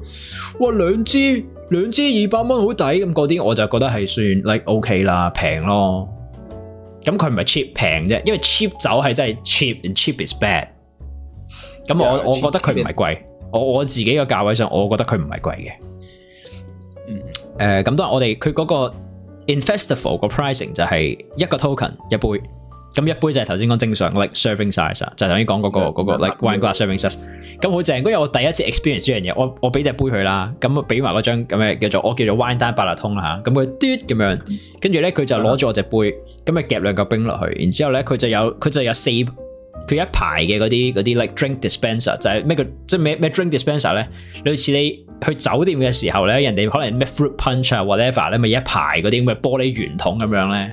哇兩支。兩支二百蚊好抵咁嗰啲，那些我就覺得係算 like OK 啦，平咯。咁佢唔係 cheap 平啫，因為 cheap 酒係真係 cheap and cheap is bad。咁我 yeah，我覺得佢唔係貴，cheap，我我自己個價位上，我覺得佢唔係貴嘅。嗯。誒，uh，咁當然我哋佢嗰個 in festival 個 pricing 就係一個 token 一杯。咁一杯就係頭先講，正常，like serving size 就係頭先講嗰個嗰、嗯嗰個 like wine glass serving size，嗯。咁好正，因為我第一次 experience 呢樣嘢，我我俾隻杯佢啦，咁啊俾埋嗰張咁嘅叫做我叫做 wine 單八達通啦嚇，咁、啊、佢嘟咁樣，跟住咧佢就攞咗我隻杯，咁啊夾兩個冰落去，然之後咧佢就有佢就有四佢一排嘅嗰啲嗰啲 like drink dispenser，就係咩個即係咩咩 drink dispenser 咧，類似你去酒店嘅時候咧，人哋可能咩 fruit punch 啊 whatever 咧，咪一排嗰啲咁嘅玻璃圓筒咁樣咧。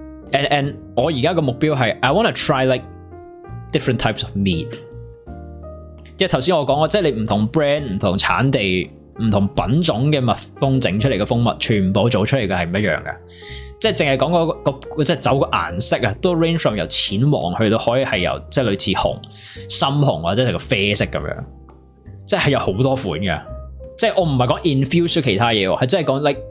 and and 我而家嘅目標係，I want to try like different types of mead。因為頭先我講過，即係你唔同 brand、唔同產地、唔同品種嘅蜜蜂整出嚟嘅蜂蜜，全部做出嚟嘅係唔一樣嘅。即係淨係講嗰個即係酒嘅顏色啊，都 range from 由淺黃去到可以係由即係類似紅、深紅或者係個啡色咁樣。即係有好多款嘅。即係我唔係講 infusion 其他嘢，係真係講 like。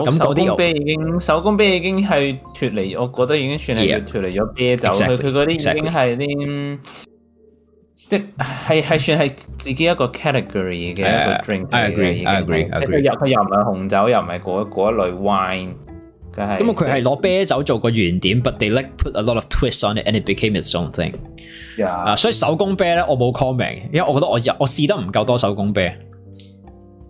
手手啤已經手工啤已經係脱離，我覺得已經算係脱離咗啤酒。佢佢嗰啲已經係啲，即係係算係自己一個 category 嘅一個 drink。I agree，I agree，I agree。佢又佢又唔係紅酒，又唔係嗰嗰一類 wine。咁啊，佢係攞啤酒做個原點，but they like put a lot of twist on it and it became its own thing。啊，所以手工啤咧，我冇 comment，因為我覺得我我試得唔夠多手工啤。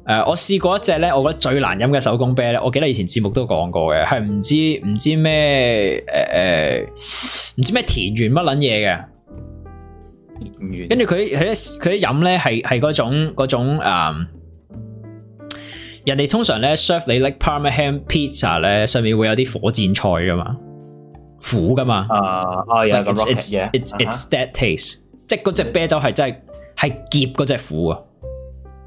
Uh, 我試過一隻咧，我覺得最難飲嘅手工啤咧，我記得以前節目都講過嘅，係唔知唔知咩唔、呃、知咩田園乜撚嘢嘅，跟住佢佢佢飲咧係係嗰種，種、嗯、人哋通常咧 serve 你 like Parma ham pizza 咧，上面會有啲火箭菜噶嘛，苦噶嘛，啊，啊，咁 rocket 嘅，嚇，it's it's that taste，即係嗰隻啤酒係真係係夾嗰隻苦啊！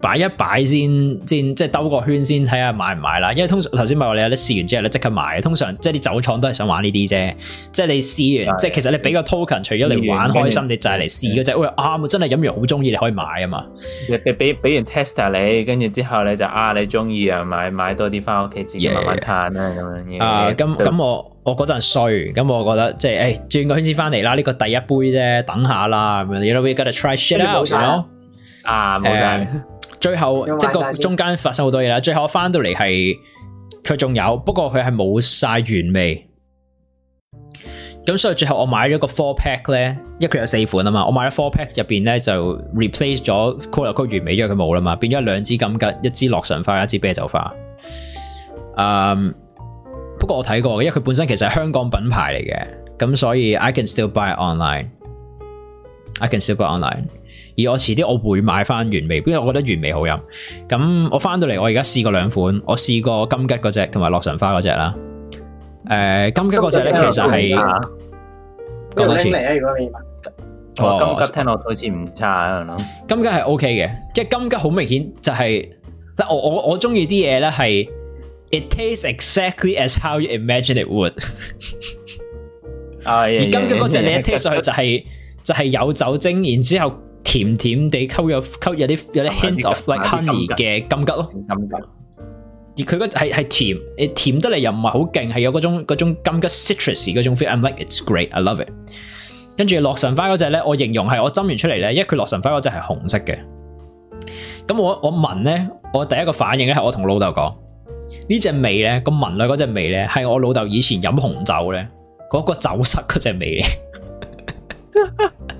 擺一擺先，先即係兜個圈先睇下買唔買啦。因為通常頭先咪話你有啲試完之後咧即刻買，通常即係啲酒廠都係想玩呢啲啫。即係你試完，嗯、即係其實你俾個 token 除咗嚟玩開心，你就係嚟試嘅啫。喂啱啊，真係飲完好中意，你可以買啊嘛。俾俾俾完 tester 你，跟住之後你就啊你中意啊買買多啲翻屋企自己慢慢嘆啦咁樣嘢。咁、uh, 咁、yeah. 啊 uh. 我我嗰陣衰，咁我覺得即係誒轉個圈先翻嚟啦。呢、這個第一杯啫，等下啦。We gotta try 有冇嘢、okay? 啊？啊冇晒。 *laughs* 最後即係個中間發生好多嘢啦，最後我翻到嚟係佢仲有，不過佢係冇晒原味。咁所以最後我買咗個 four pack 咧，因為佢有四款啊嘛，我買咗 four pack 入邊咧就 replace 咗 c o a l i t y 原味，因為佢冇啦嘛，變咗兩支金桔，一支洛神花，一支啤酒花。嗯、um,，不過我睇過，因為佢本身其實係香港品牌嚟嘅，咁所以 I can still buy online，I can still buy online。而我遲啲我會買翻原味，因為我覺得原味好飲。咁我翻到嚟，我而家試過兩款，我試過金桔嗰隻同埋洛神花嗰隻啦。誒、呃，金桔嗰隻咧其實係講、啊、多次。金桔聽落好似唔差咁咯。金桔係 OK 嘅，即係金桔好明顯就係、是，但我我我中意啲嘢咧係，It tastes exactly as how you imagine it would、 *laughs* 啊。而金桔嗰隻你一聽上去就係、是、就係、是、有酒精， *laughs* 然之後。甜甜地，吸有吸有啲有啲 hint of like honey 嘅柑橘咯，而佢嗰隻係係甜，甜得嚟又唔係好勁，係有嗰種種柑橘 citrusy 嗰種 feel。I'm like it's great, I love it。跟住洛神花嗰隻咧，我形容係我斟完出嚟咧，因為佢洛神花嗰隻係紅色嘅。咁我我聞咧，我第一個反應咧係我同老豆講，呢隻味咧個聞落嗰隻味咧係我老豆以前飲紅酒咧嗰個酒室嗰隻味。 *laughs*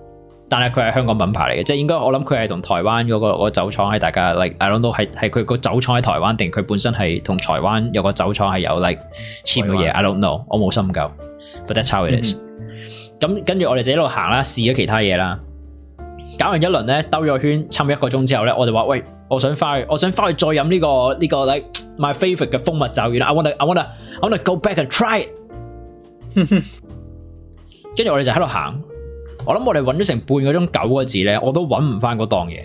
但係佢係香港品牌嚟嘅，即係應該我諗佢係同台灣嗰個酒廠喺大家 like，I don't know 係係佢個酒廠喺台灣定佢本身係同台灣有個酒廠係有 like 簽嘅嘢，I don't know，我冇深究，but that's how it is，嗯。咁跟住我哋就一路行啦，試咗其他嘢啦，搞完一輪咧，兜咗圈，差唔多一個鐘之後咧，我就話喂，我想翻去，我想翻去再飲呢個呢個 like my favorite 嘅蜂蜜酒，完啦，I wanna I wanna I wanna go back and try it。 *laughs* 跟住我哋就喺度行。我諗我哋揾咗成半個鐘九個字咧，我都揾唔翻嗰檔嘢。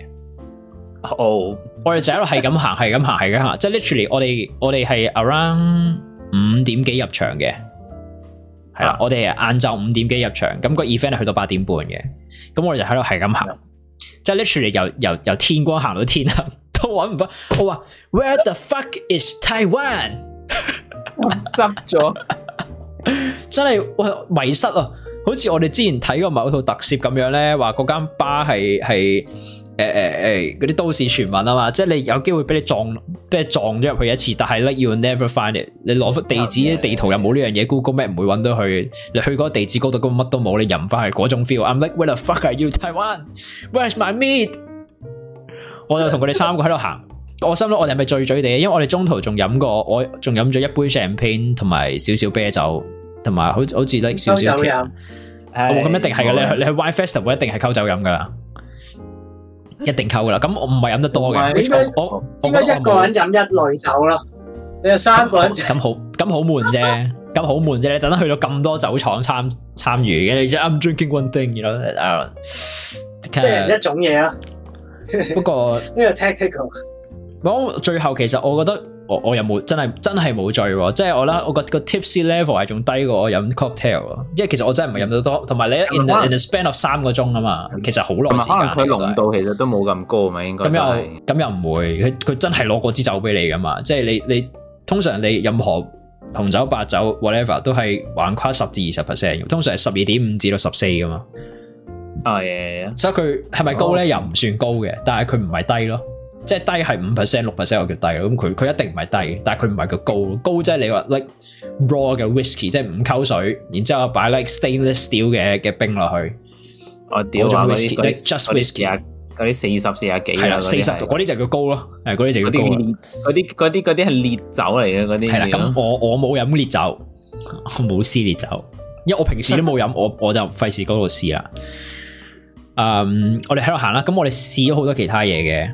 哦、oh.，我哋就喺度係咁行，係咁行，係咁行，即係 literally 我哋我哋係 around 五點幾入場嘅，係啦，ah. 我哋晏晝五點幾入場，咁、那個 event 係去到八點半嘅，咁我哋就喺度係咁行，即、yeah. 係 literally 由由,由天光行到天黑，都揾唔翻。我話 *laughs* Where the fuck is Taiwan？執 *laughs* 咗， *laughs* 真係哇迷失啊！好似我哋之前睇過某套特攝咁樣咧，話嗰間吧係係誒誒誒嗰啲都市傳聞啊嘛，即係你有機會俾你撞俾你撞咗入去一次，但係 like you never find it，你攞幅地址啲地圖又冇呢樣嘢，Google Map 唔會搵到佢，你去嗰、個地址度、那個乜都冇，你飲翻去嗰種 feel，I'm like where the fuck are you Taiwan，Where's my meat？我就同佢哋三個喺度行，我心諗我哋係咪醉醉地？因為我哋中途仲飲過，我仲飲咗一杯 champagne 同埋少少啤酒。同埋，好似好似咧少少酒飲，我咁一定係嘅。你你去 wine festival 一定係溝酒飲噶啦，一定溝噶啦。咁我唔係飲得多嘅。應該應該一個人飲一類酒咯。你有三個人，咁好咁好悶啫，咁好悶啫。你等得去到咁多酒廠參參與嘅，你只飲 drinking one thing 而家，即係一種嘢啦。不過呢個 technical，我最後其實我覺得。我我又冇真係真係冇醉喎、哦，即係我咧，我個 tipsy level 係仲低過我飲 cocktail，因為其實我真係唔係飲得多，同埋你 in the in the span of 三個鐘啊嘛、嗯，其實好耐時間。同埋可能佢濃度其實都冇咁高嘛，應該、就是。咁又咁又唔會，佢真係攞嗰支酒畀你噶嘛，即係你你通常你任何紅酒白酒 whatever 都係橫跨十至二十 percent，通常係十二點五至到十四噶嘛。係、啊，所以佢係咪高咧、嗯？又唔算高嘅，但係佢唔係低咯。即係低係五 percent 六 percent，我叫低。咁佢佢一定唔係低，但係佢唔係叫高。高即係你話 like raw 嘅 whisky，即係唔溝水，然之後擺 like stainless steel 嘅嘅冰落去。哦、我屌啊！嗰啲 just whisky，嗰啲四十四啊幾係啦，四十嗰啲就叫高咯。嗰啲就叫高，嗰啲嗰啲嗰啲係烈酒嚟嘅嗰啲。係啦，咁我我冇飲烈酒，我冇試烈酒，因為我平時都冇飲， *laughs* 我就、um, 我就費事嗰度試啦。嗯，我哋喺度行啦。咁我哋試咗好多其他嘢嘅。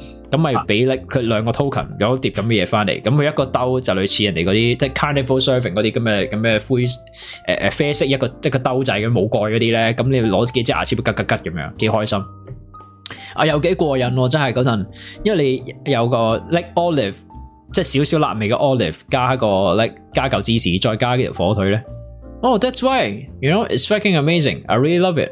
咁咪俾咧佢兩個 token，有碟咁嘅嘢翻嚟，咁佢一個兜就類似人哋嗰啲即係 carnival serving 嗰啲咁嘅咁嘅灰誒啡色一個即係個兜仔咁冇蓋嗰啲咧，咁你攞幾隻牙籤吉吉吉咁樣幾開心啊？有幾過癮喎、啊！真係嗰陣，因為你有個 like olive，即係少少辣味嘅 olive，加一個 like 加嚿芝士，再加幾條火腿咧。Oh that's why,、right. you know it's fucking amazing. I really love it.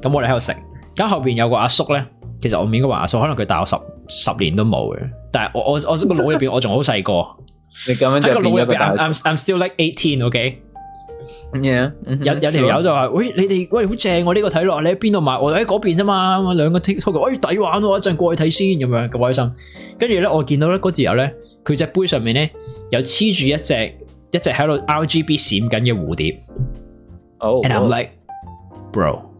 咁我哋喺度食，咁後邊有個阿叔咧，其實我唔應該話阿叔，可能佢大我十十年都冇嘅，但係我我我個腦入邊我仲好細個，喺個腦入邊，I'm I'm still like eighteen，ok，yeah，有有條友就話，喂，你哋喂好正，我呢個睇落，你喺邊度買？我喺嗰邊啫嘛，兩個 TikTok，哎，抵玩，我一陣過去睇先，咁樣咁開心。跟住咧，我見到咧嗰時候咧，佢隻杯上面咧有黐住一隻一隻喺度 RGB 閃緊嘅蝴蝶，and I'm like bro。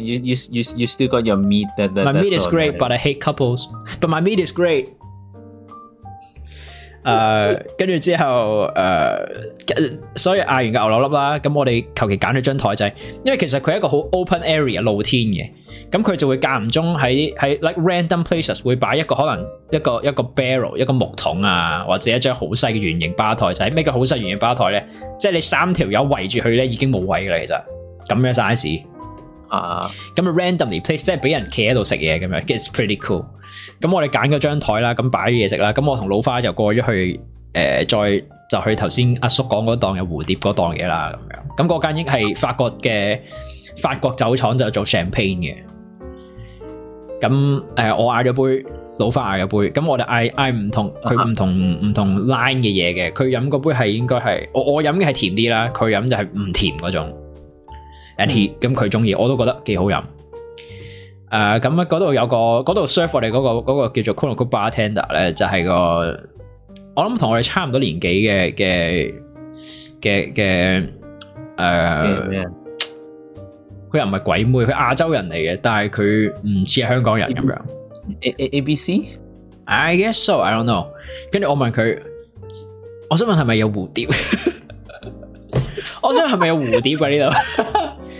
你你你你 still got your meat？My meat is great，but I hate couples。But my meat is great。跟住之後，誒，所以嗌完嘅牛柳粒啦，咁我哋求其揀咗張台仔，因為其實佢係一個好 open area、露天嘅。咁佢就會間唔中喺喺 like random places 會擺一個可能一個一個 barrel 一個木桶啊，或者一張好細嘅圓形吧台仔。咩叫好細圓形吧台咧？即係你三條友圍住佢咧已經冇位㗎啦，其實咁樣 size。啊，咁 randomly placed 即係俾人企喺度食嘢咁樣 gets pretty cool。咁我哋揀咗張台啦，咁擺啲嘢食啦，咁我同老花就過咗去，誒、呃，再就去頭先阿叔講嗰檔嘅蝴蝶嗰檔嘢啦，咁樣。咁嗰間應係法國嘅法國酒廠就做 champagne 嘅。咁誒、呃，我嗌咗杯，老花嗌咗杯，咁我哋嗌嗌唔同，佢唔同唔、uh, 同 line 嘅嘢嘅。佢飲嗰杯係應該係我我飲嘅係甜啲啦，佢飲就係唔甜嗰種。咁佢中意，我都覺得幾好飲。誒，咁嗰度有個嗰度 serve 我哋嗰、嗰個、嗰個叫做 Cologne bartender 咧，就係、是、個我諗同我哋差唔多年紀嘅嘅嘅嘅誒，佢、呃、又唔係鬼妹，佢亞洲人嚟嘅，但係佢唔似係香港人咁樣。A-A-ABC？I guess so. I don't know。跟住我問佢，我想問係咪有蝴蝶？ *laughs* *laughs* 我想係咪有蝴蝶喺呢度？ *laughs* *laughs* *laughs* *laughs*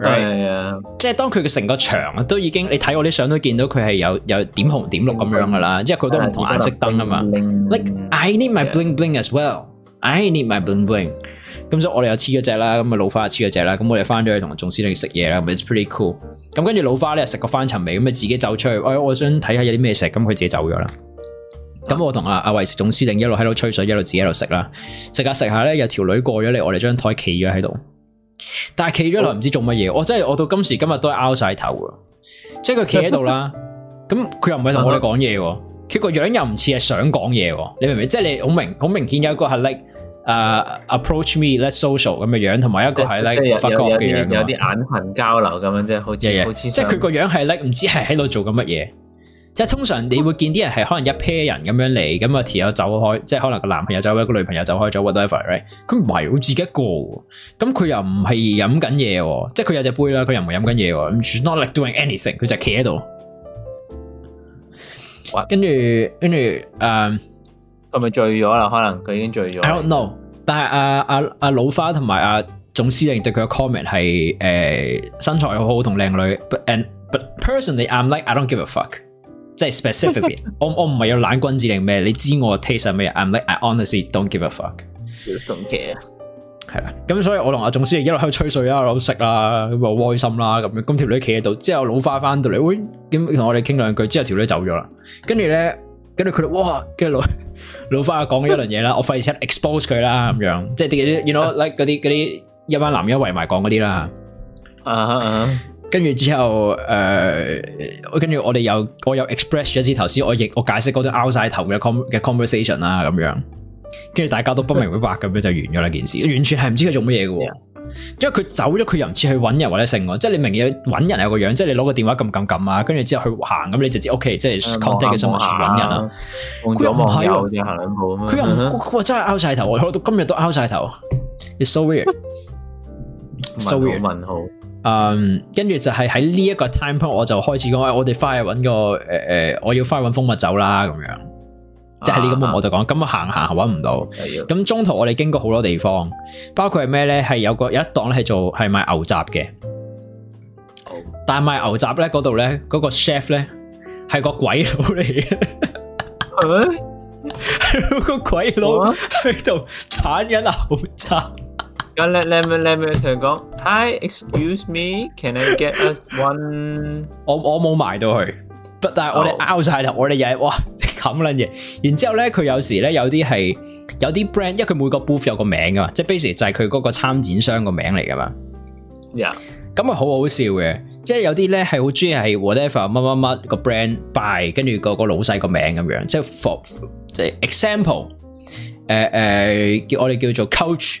係啊，即係當佢嘅成個場都已經，你睇我啲相都見到佢係有有點紅點綠咁樣噶啦，即係佢都唔同顏色燈啊嘛。Yeah, yeah. Like I need my bling bling as well, I need my bling bling, yeah. 咁所以我哋又黐咗隻啦，咁啊老花又黐咗隻啦，咁我哋翻咗去同總司令食嘢啦。But it's pretty cool。咁跟住老花咧食過翻尋味，咁啊自己走出去，哎，我想睇下有啲咩食，咁佢自己走咗啦。咁我同阿阿偉總司令一路喺度吹水，一路自己喺度食啦，食下食下咧，有條女過咗嚟，我哋張台企咗喺度。但係企咗落唔知做乜嘢，哦，我真係我到今時今日都拗晒頭啊！即係佢企喺度啦，咁 *laughs* 佢又唔係同我哋講嘢，佢個樣又唔似係想講嘢，你明唔明？即係你好明好明顯有一個係 like 誒、uh, approach me let、like、social 咁嘅樣，同埋一個係 like fuck off 嘅樣，有啲眼神交流咁樣啫，就是、好似、yeah, yeah, 即係佢個樣係 like 唔知係喺度做緊乜嘢。即係通常你會見啲人係可能一 pair 人咁樣嚟，咁阿條友走開，即係可能個男朋友走開，個女朋友走開咗 whatever，咁唔係，佢自己一個，咁佢又唔係飲緊嘢，即係佢有隻杯啦，佢又唔係飲緊嘢，唔 not like doing anything，佢就企喺度。跟住跟住誒，係咪、um, 醉咗啦？可能佢已經醉咗。I don't know，但係阿阿阿老花同埋阿總司令對佢嘅 comment 係誒、啊、身材好好同靚女 but, and, but personally I'm like I don't give a fuck。 *laughs* 即係 specifically，我我唔係有懶君子定咩？你知我 taste 係咩？I'm like I honestly don't give a fuck，just don't care。係啦，咁所以我同阿總司一路喺度吹水啦，一路食啦，咁我開心啦，咁樣咁條女企喺度，之後老花翻到嚟，喂、欸，點同我哋傾兩句，之後條女走咗啦，跟住咧，跟住佢哋，哇，跟住老老花講咗一輪嘢啦，我費事 expose 佢啦，咁樣，即係啲，你 you know like 嗰啲嗰啲一班男人圍埋講嗰啲啦。啊啊！跟住之後，跟、呃、住我哋有，我有 express 一次頭先，我亦我解釋嗰段 out 曬頭嘅 con 嘅 conversation 啦，咁樣，跟住大家都不明不白咁 *laughs* 樣就完咗啦件事，完全係唔知佢做乜嘢嘅，因為佢走咗，佢又唔似去揾人或者成我，即係你明嘅揾人有個樣，即係你攞個電話咁咁咁啊，跟住之後去行咁，你直接 OK，即係 contact 嘅新聞前揾人啦，佢又唔係喎，佢又唔， *laughs* 我真係 out 曬頭，我到今日都 out 曬頭 it's so weird，問號。嗯，跟住就係喺呢一個 timepoint，我就開始講、哎，我哋翻去搵個誒誒、呃，我要翻去搵蜂蜜酒啦，咁樣，即係呢咁啊，我就講，咁啊行行係搵唔到，咁、啊啊啊、中途我哋經過好多地方，包括係咩咧？係有個有一檔咧係做係賣牛雜嘅，但係賣牛雜咧嗰度咧，嗰、嗰個 chef 咧係個鬼佬嚟嘅，係、 *laughs* 啊、 *laughs* 個鬼佬喺度鏟緊牛雜。咁你你咪你咪同佢講，Hi，excuse me，can I get us one？我我冇買到佢，但係我哋 out 晒啦，我哋又係哇咁撚嘢。然之後咧，佢有時咧有啲係有啲 brand，因為佢每個 booth 有個名噶嘛，即係 basically 就係佢嗰個參展商個名嚟噶嘛。yeah，咁啊好好笑嘅，即係有啲咧係好中意係 whatever 乜乜乜個 brand buy 跟住個個老細個名咁樣，即係 for 即係 example 誒誒叫我哋叫做 coach。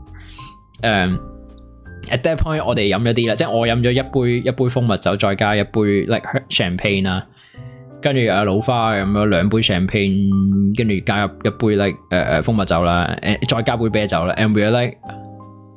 誒、um，at that point 我哋飲咗啲啦，即係我飲咗一杯一杯蜂蜜酒，再加一杯 like champagne 啦，跟住阿老花飲咗兩杯 champagne，跟住加入一杯 like 誒、uh、誒蜂蜜酒啦，誒再加一杯啤酒啦，and we are like。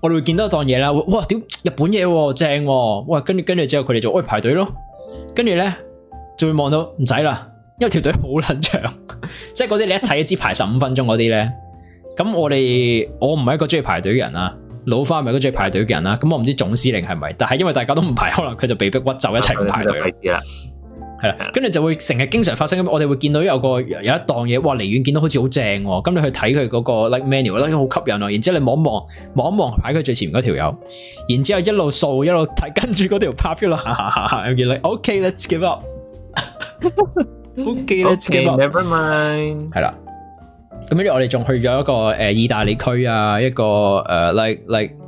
我哋會見到一檔嘢啦，哇，屌日本嘢、啊、正、啊，哇，跟住跟住之後佢哋就喂、哎，排隊咯，跟住咧就會望到唔使啦，因為條隊好捻長， *laughs* 即係嗰啲你一睇就知排十五分鐘嗰啲咧，咁我哋我唔係一個中意排隊嘅人啦，老花唔係一個中意排隊嘅人啦，咁、嗯、我唔知總司令係咪，但係因為大家都唔排，可能佢就被迫屈就一齊唔排隊啦。係啦，跟住就會成日經常發生咁，我哋會見到有個有一檔嘢，哇，離遠見到好似好正、哦，咁你去睇佢嗰個 like menu，已經好吸引啊、哦，然之後你望一望，望一望，排佢最前嗰條友，然之後一路掃一路睇，跟住嗰條 popular，OK，let's、okay, give up，OK，let's、 *laughs* okay, okay, give up，never mind，係啦，咁跟住我哋仲去咗一個誒、呃、意大利區啊，一個誒、uh, like like。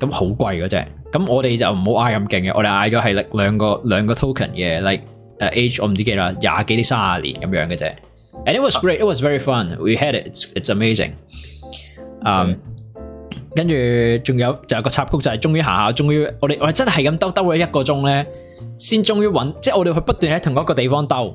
咁好貴嗰隻，咁我哋就唔好嗌咁勁嘅，我哋嗌咗係兩個兩個 token 嘅，like 誒 age 我唔知幾啦，廿幾啲三十年咁樣嘅啫。And it was great, it was very fun. We had it, it's amazing。嗯，跟住仲有就有個插曲，就係終於行下，終於我哋我哋真係係咁兜兜咗一個鐘咧，先終於揾，即係我哋去不斷喺同一個地方兜。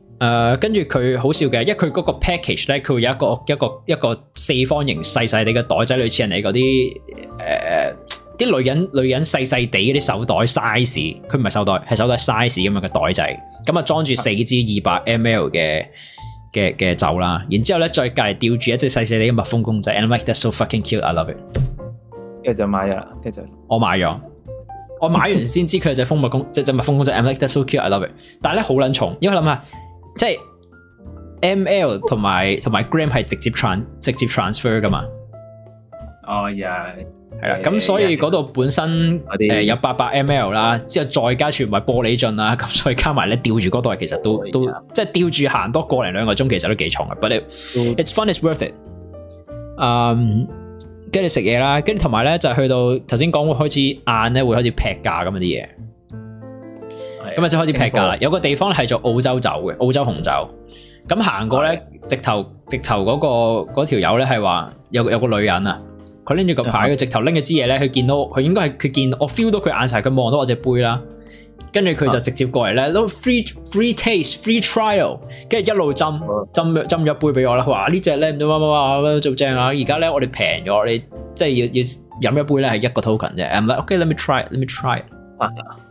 誒、呃，跟住佢好笑嘅，因為佢嗰個 package 咧，佢會有一個一個一個四方形細細哋嘅袋仔，類似人哋嗰啲誒，啲、呃、女人女人細細哋嗰啲手袋 size，佢唔係手袋，係手袋 size 咁樣嘅袋仔，咁啊裝住四支二百 mL 嘅嘅嘅酒啦，然之後咧再隔籬吊住一隻細細哋嘅蜜蜂公仔，and I like that so fucking cute I love it，跟住就買咗啦，跟住我買咗，我買完先知佢係隻蜜蜂公，即隻蜜蜂公仔 I like that so cute I love it，但係咧好撚重，因為諗下。即、就、係、是、ML 同埋同埋 gram 係直接 trans fer 噶嘛？哦、oh, 呀、yeah.，係啦。咁所以嗰度本身誒、yeah. 呃、有八百 ML 啦，之後再加全部係玻璃樽啦，咁所以加埋咧吊住嗰袋其實都、oh, yeah. 都即係、就是、吊住行多個零兩個鐘，其實都幾重㗎。But if,、mm. it's fun, it's worth it、um,。嗯，跟住食嘢啦，跟住同埋咧就是、去到頭先講會開始晏咧會開始劈價咁啲嘢。咁啊，就係開始劈價啦！有個地方係做澳洲酒嘅，澳洲紅酒。咁行過咧，直頭直頭嗰個嗰條友咧係話有有個女人啊，佢拎住個牌，佢、嗯、直頭拎住支嘢咧，佢見到佢應該係佢見到，見我 feel 到佢眼神，佢望到我隻杯啦。跟住佢就直接過嚟咧，都、啊、free free taste free trial，跟住一路斟斟斟一杯俾我啦。嘩，隻呢隻咧唔知乜乜乜正啊！而家咧我哋平咗，你即係要要飲一杯咧係一個 token 啫。I'm like，OK，let me try，let me try, it, let me try it.、啊嗯。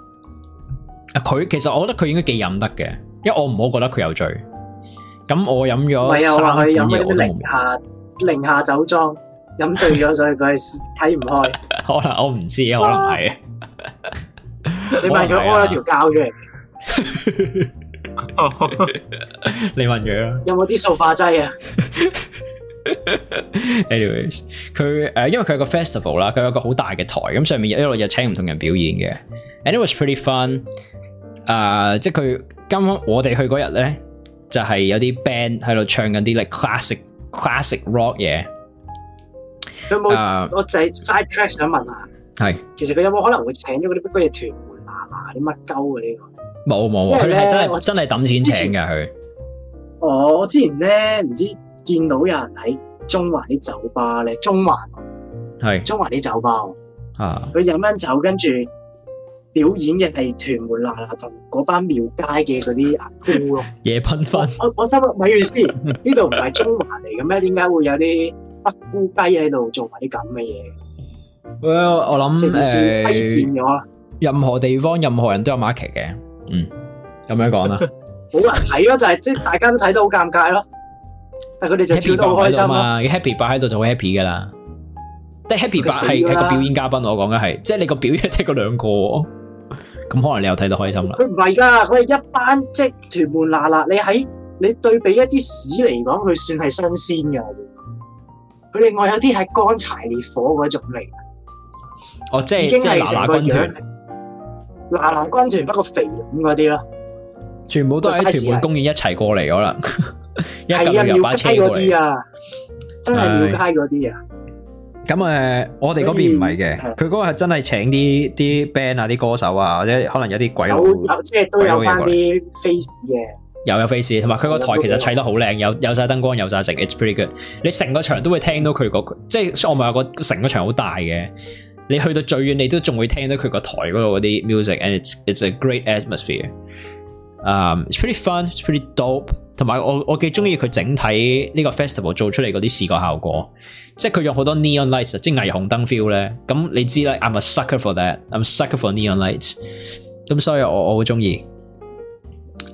佢其實我覺得佢應該幾飲得嘅，因為我唔好覺得佢有醉。咁我飲咗三款嘢，我冇。寧夏酒莊飲醉咗，所以佢睇唔開 *laughs* 可。可能我唔知，可能係你問咗屙咗條膠出嚟。 *laughs* *laughs* *laughs* *laughs* 你問佢他啦。有 *laughs* 冇啲塑化劑啊？Anyways，佢誒因為佢個 festival 啦，佢有個好大嘅台，咁上面一路又請唔同人表演嘅，and it was pretty fun。誒、uh,，即係佢今晚我哋去嗰日咧，就係、是、有啲 band 喺度唱緊啲 like classic classic rock 嘢。有冇？Uh, 我就係 side track 想問下，係其實佢有冇可能會請咗嗰啲乜鬼嘢團嚟拉拉啲乜鳩嘅呢冇冇，因為真係真係抌錢請嘅佢。我之前咧唔知見到有人喺中環啲酒吧咧，中環係中環啲酒吧啊，佢飲飲酒，跟住。表演嘅係屯門啦啦同嗰班廟街嘅嗰啲阿姑咯，野噴噴。我心諗咪住先，呢度唔係中環嚟嘅咩？點解會有啲北姑雞喺度做埋啲咁嘅嘢？我我諗誒，欺騙咗。任何地方、任何人，都有 market 嘅。嗯，咁樣講啦，好難睇咯，就係即係大家都睇得好尷尬咯。但佢哋就見好開心啊。Happy 爸喺度就好 happy 噶啦。但係 Happy 爸係係個表演嘉賓，我講嘅係，即係你個表演即係嗰兩個。咁可能你又睇到開心啦。佢唔係噶，佢係一班即、即係、屯門那那，你喺你對比一啲屎嚟講，佢算係新鮮噶。佢另外有啲係乾柴烈火嗰種嚟。哦，即係即係那那軍團，那那軍團不過肥咁嗰啲咯，全部都喺屯門公園一齊過嚟噶啦，係 *laughs* 啊，秒街嗰啲啊，真係秒街嗰啲啊。咁、嗯、誒，我哋嗰邊唔係嘅，佢嗰個真係請啲啲 band 啊、啲歌手啊，或者可能有啲鬼佬，有即係都有啲 face 嘅，有有 face 同埋佢個台其實砌得好靚，有有曬燈光，有晒成，it's pretty good。你成個場都會聽到佢嗰，即係我唔係話個成個場好大嘅，你去到最遠你都仲會聽到佢個台嗰度嗰啲 music，and it's it's a great atmosphere。Um, it's pretty fun, it's pretty dope。同埋我我幾中意佢整體呢個 festival 做出嚟嗰啲視覺效果，即係佢用好多 neon lights，即係霓虹燈 feel 咧。咁你知啦 I'm a sucker for that，I'm sucker for neon lights。咁所以我我好中意。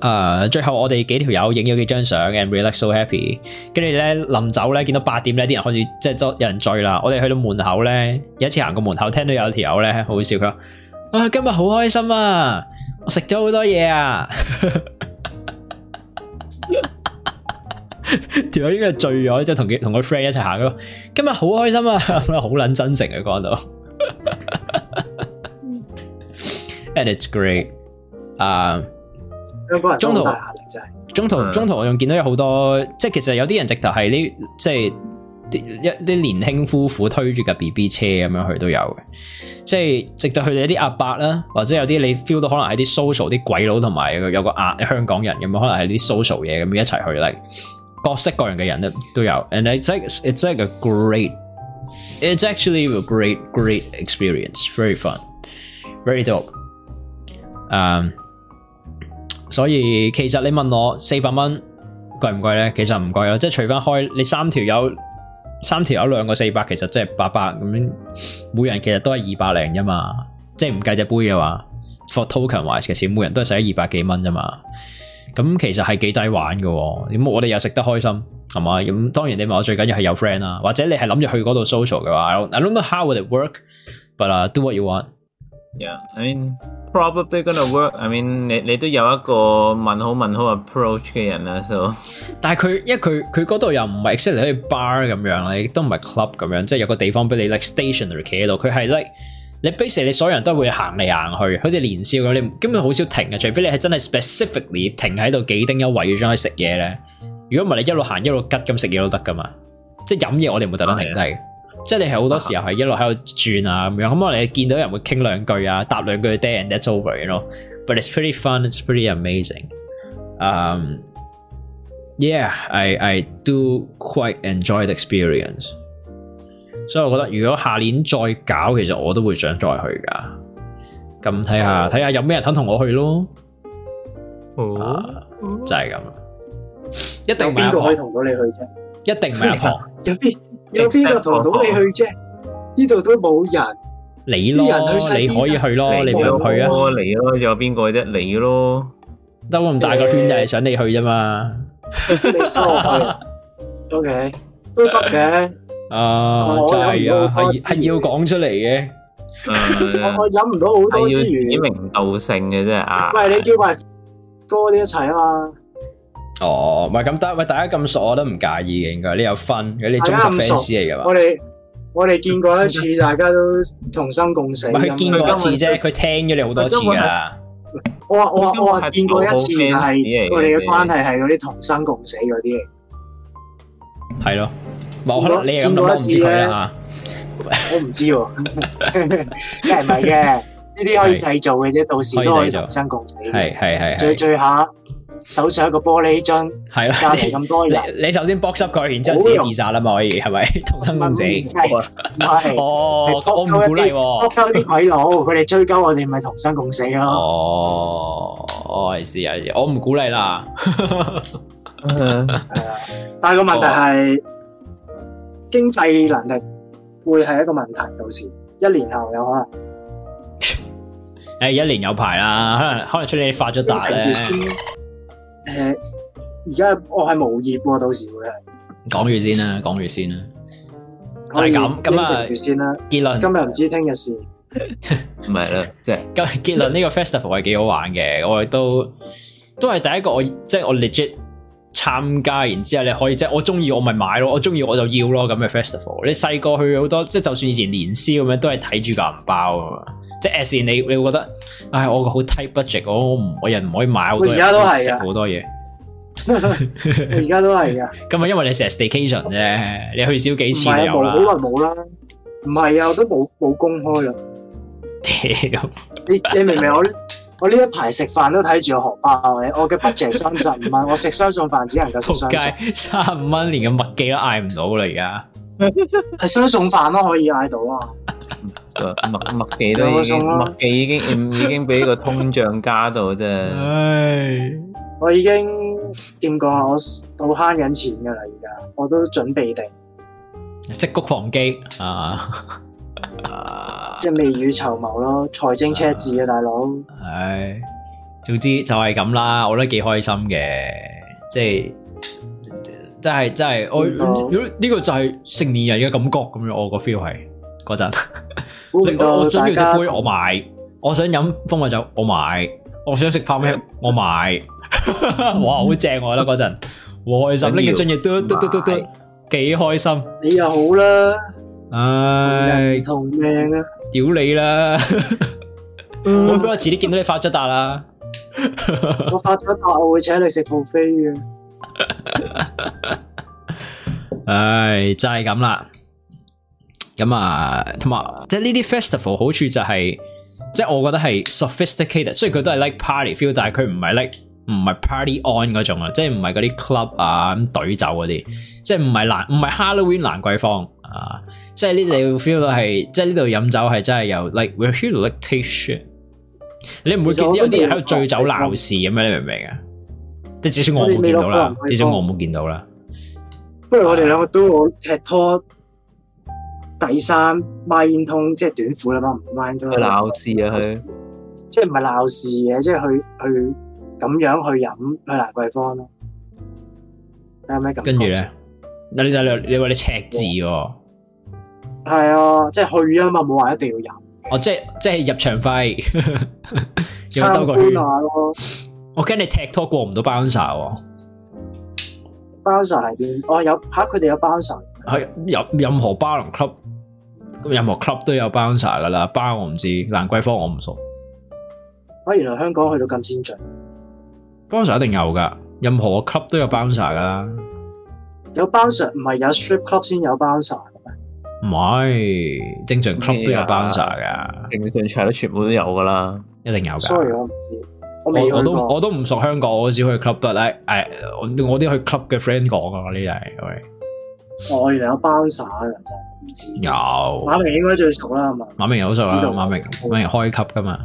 誒，uh，最後我哋幾條友影咗幾張相嘅，relax so happy。跟住咧臨走咧，見到八點咧，啲人開始即係有人醉啦。我哋去到門口咧，有一次行過門口聽到有條友咧，好笑佢話：啊，今日好開心啊！我食咗好多嘢啊！ *laughs* *laughs* *laughs* 條、就是、友應該係醉咗，即係同佢同個 friend 一齊行咯。今日好開心啊！好捻真誠啊，講到。 *laughs* And it's great 啊、uh,！中途，中、嗯、途，中途，我仲見到有好多，即係其實有啲人直頭係呢，即係。啲一啲年輕夫婦推住架 B B 車咁樣去都有嘅，即係直到佢哋一啲阿伯啦，或者有啲你 feel 到可能係啲 social 啲鬼佬同埋有個阿香港人咁樣，有冇可能係啲 social 嘢咁一齊去咧？各式各樣嘅人都有，and it's like it's like a great, it's actually a great great experience, very fun, very dope。嗯，所以其實你問我四百蚊貴唔貴咧，其實唔貴咯，即係除翻開你三條友。三條友兩個四百，其實即係八百咁樣，每人其實都係二百零啫嘛，即係唔計隻杯嘅話，for token wise 其實每人都係使咗二百幾蚊啫嘛，咁其實係幾抵玩嘅。哦，咁我哋又食得開心係嘛，咁當然你問我最緊要係有 friend 啦，啊，或者你係諗住去嗰度 social 嘅話 I don't, I don't know how would it work，but、uh, do what you want。.呀、yeah,，I mean probably gonna work。I mean 你你都有一個問好問好 approach 嘅人啦，so 但係佢因為佢佢嗰度又唔係 exactly 去、like、bar 咁樣亦都唔係 club 咁樣，即係、就是、有個地方俾你 like stationary 企喺度。佢係 like 你 basically 你所有人都會行嚟行去，好似年宵咁，你根本好少停嘅，除非你係真係 specifically 停喺度幾丁一圍咗佢食嘢咧。如果唔係，你一路行一路拮咁食嘢都得噶嘛，即係飲嘢我哋唔會特登停低。即係你係好多時候係一路喺度轉啊咁樣，咁我哋見到人會傾兩句啊，答兩句，and that's over 咯。But it's pretty fun, it's pretty amazing. Um, yeah, I I do quite enjoy the experience. 所以我覺得如果下年再搞，其實我都會想再去噶。咁睇下睇下有咩人肯同我去咯。哦，就係咁。一定邊個可以同到你去啫？一定唔係阿伯入邊。有邊個同到你去啫？呢度都冇人，你咯，你可以去咯，你咪去啊？嚟咯，仲有邊個啫？你咯，兜咁大個圈就係想你去啫嘛。你去，O K，都得嘅。哦，係啊，係要講出嚟嘅。我我飲唔到好多資源，點名道姓嘅真係啊！唔係你叫埋多啲一齊啊嘛！哦，唔係咁得，唔係大家咁熟，我都唔介意嘅。應該你有分，你忠實粉絲嚟噶嘛？我哋我哋見過一次，大家都同生共死。唔係佢見過一次啫，佢聽咗你好多次噶。我話我話我話見過一次，係我哋嘅關係係嗰啲同生共死嗰啲。係咯，冇可能你又咁諗都唔知佢啦吓。我唔知喎，真係唔係嘅，呢啲 *laughs* *laughs* 可以製造嘅啫，到時都可以同生共死。係係係，聚聚下。手上一個玻璃樽，係啦，價值咁多嘢。你首先 box 濕佢，然之後自己自殺啦嘛？可以係咪？同生共死，係，係，哦，我唔鼓勵喎。box 嗰啲鬼佬，佢哋追究我哋咪同生共死咯。哦，我意思係，我唔鼓勵啦。係啊，但係個問題係經濟能力會係一個問題，到時一年後有可能，誒，一年有排啦，可能可能出你發咗大咧。誒、呃，而家我係無業，到時會係講住先啦、啊，講住先啦、啊啊， *laughs* 就係咁今啊，講完先啦，結論今日唔知聽日事，唔係啦，即係結結論呢個 festival 係幾好玩嘅， *laughs* 我亦都都係第一個我即係、就是、我 legit 參加然之後你可以即係、就是、我中意我咪買咯，我中意我，我，我就要咯，咁嘅 festival。你細個去好多即係就算以前年宵咁樣都係睇住個銀包啊。即係 s 時你你會覺得，唉，我個好 tight budget，我我人唔可以買好多嘢食好多嘢。而家都係噶。咁 *laughs* 啊， *laughs* 因為你成日 staycation 啫，你去少幾次又啦。好耐冇啦，唔係啊，我都冇冇公開啦。屌 *laughs* 你你明唔明我？ *laughs* 我呢一排食飯都睇住我荷包，我嘅 budget 三十五蚊， *laughs* 我食雙送飯只能夠食雙送。三十五蚊連個麥記都嗌唔到啦，而家係雙送飯都可以嗌到啊！ *laughs* 麥麥記都已經 *laughs* 麥記已經麥記已經俾個通脹加到啫。唉、 *laughs* *laughs* 哎，我已經點講我到慳緊錢噶啦，而家我都準備定了積穀防饑啊！即係未雨綢繆咯，財政赤字啊，大、啊、佬。係、啊，總之就係咁啦，我覺得幾開心嘅，即係，即係，即係，我如果呢個就係成年人嘅感覺咁樣，我個 feel 係嗰陣。我樽呢隻杯我買，我想飲蜂蜜酒我買，我想食泡麵我買， *laughs* 哇，好正，我覺得嗰陣， *laughs* 我開心拎嘅樽嘢嘟嘟嘟嘟嘟，幾開心，你又好啦。唉、哎，人同命啊！屌你啦！好唔好？我遲啲見到你發咗達啦！ *laughs* 我發咗達，我會請你食 buffet 嘅。唉、 *laughs* 哎，就係咁啦。咁啊，同埋即係呢啲 festival 好處就係、是，即、就、係、是、我覺得係 sophisticated。雖然佢都係 like party feel，但係佢唔係 like。唔係 party on 嗰種啊，啊，即係唔係嗰啲 club 啊咁醉酒嗰啲，即係唔係蘭唔係 Halloween 蘭桂坊啊，即係呢你會 feel 到係，即係呢度飲酒係真係有 like rehabilitation，你唔會見到有啲人喺度醉酒鬧事咁樣，你明唔明啊？即係至少我冇見到啦，至少我冇見到啦。不如我哋兩個都好踢拖底衫孖煙筒，uh... 即係短褲啦，孖孖煙筒。鬧事啊佢，即係唔係鬧事嘅，即係去去。咁樣去飲去蘭桂坊咯，你有咩感？跟住咧，嗱你你你話你赤字喎，哦，係啊，即係去啊嘛，冇話一定要飲。哦，即係即係入場費，參觀下咯 *laughs* 我驚你踢拖過唔到 bouncer。bouncer 喺邊？哦，有吓，佢哋有 bouncer，係任任何巴龍 club，任何 club 都有 bouncer 噶啦。bouncer 我唔知，蘭桂坊我唔熟。啊，原來香港去到咁先進。Bouncer 一定有噶，任何個 club 都有 bouncer 噶啦。有 bouncer 唔係有 strip club 先有 bouncer 嘅咩？唔係，正常 club 都有 bouncer 噶。正常場所都全部都有噶啦，一定有噶。所以我唔知。我我，我都我都唔熟香港，我只可以 club 得咧。誒，我我啲去 club 嘅 friend 講啊，啲係、哦。我原來有 bouncer 嘅，真係唔知。有。馬明應該最熟啦，係嘛？馬明好熟啊，馬明，有熟馬，明，有熟馬，明馬明開 club 噶嘛。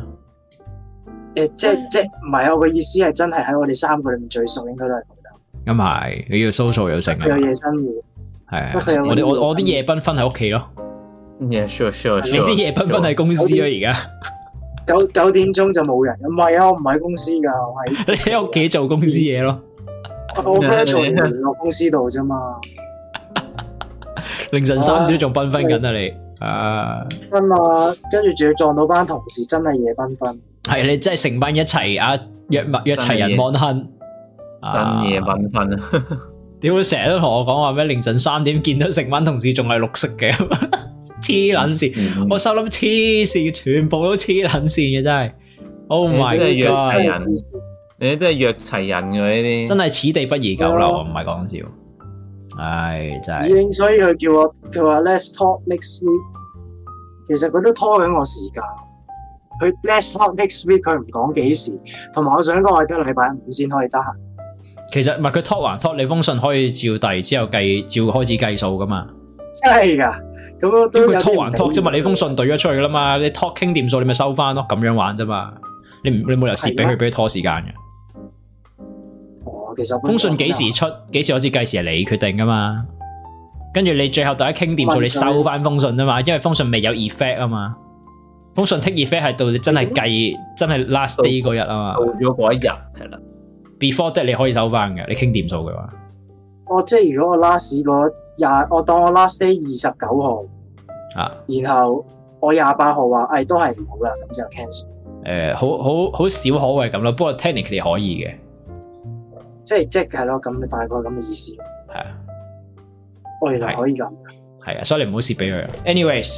誒、欸，即係即係，唔係我嘅意思係真係喺我哋三個裏面最熟，應該都係同咁係，你要 social 有成，佢有夜生活，係啊。我啲我我啲夜繽紛喺屋企咯。Yeah, sure, sure, sure sure，你啲夜繽紛喺公司咯而家。九九點鐘就冇人，唔係啊，我唔喺公司噶，我喺你喺屋企做公司嘢咯。 *laughs* 我 friend 坐喺我公司度啫嘛。 *laughs* 凌晨三點鐘仲繽紛緊啊你啊！Uh, okay. 你 uh. 真啊，跟住仲要撞到班同事，真係夜繽紛。係你真係成班一齊啊，約物約齊人望得恨，夜晚瞓啊！點會成日都同我講話咩？凌晨三點見到成班同事仲係綠色嘅，黐捻線！我心諗黐線，全部都黐捻線嘅真係。Oh my god！你真係約齊人嘅呢啲，真係此地不宜久留，唔係講笑。唉真係。應所以佢叫我，佢話 Let's talk next week。其實佢都拖緊我時間。佢 last talk next week，佢唔講幾時，同埋我想講我得禮拜五先可以得閒。其實唔係佢拖還拖，你封信可以照遞之後計，照開始計數噶嘛。真係噶，咁都佢拖還拖啫嘛，talk, 你封信對咗出去噶啦嘛，你 talk 傾掂數，你咪收翻咯，咁樣玩啫嘛。你你冇理由蝕俾佢，俾佢拖時間嘅。哦，其實封信幾時出，幾時開始計時係你決定噶嘛。跟住你最後大家傾掂數，你收翻封信啫嘛，因為封信未有 effect 啊嘛。通常 take effect 係到你真係計、嗯、真係 last day 嗰日啊嘛，到咗嗰一日係啦。Before that 你可以走翻嘅，你傾掂數嘅話。哦，即係如果我 last 嗰廿，我當我 last day 二十九號啊，然後我廿八號話，哎都係唔好啦，咁就 cancel。誒、呃，好好好少可為咁咯，不過 technically 可以嘅。即係即係係咯，咁大概咁嘅意思。係啊，我原來可以噶。係啊，啊，所以唔好蝕俾佢 Anyways。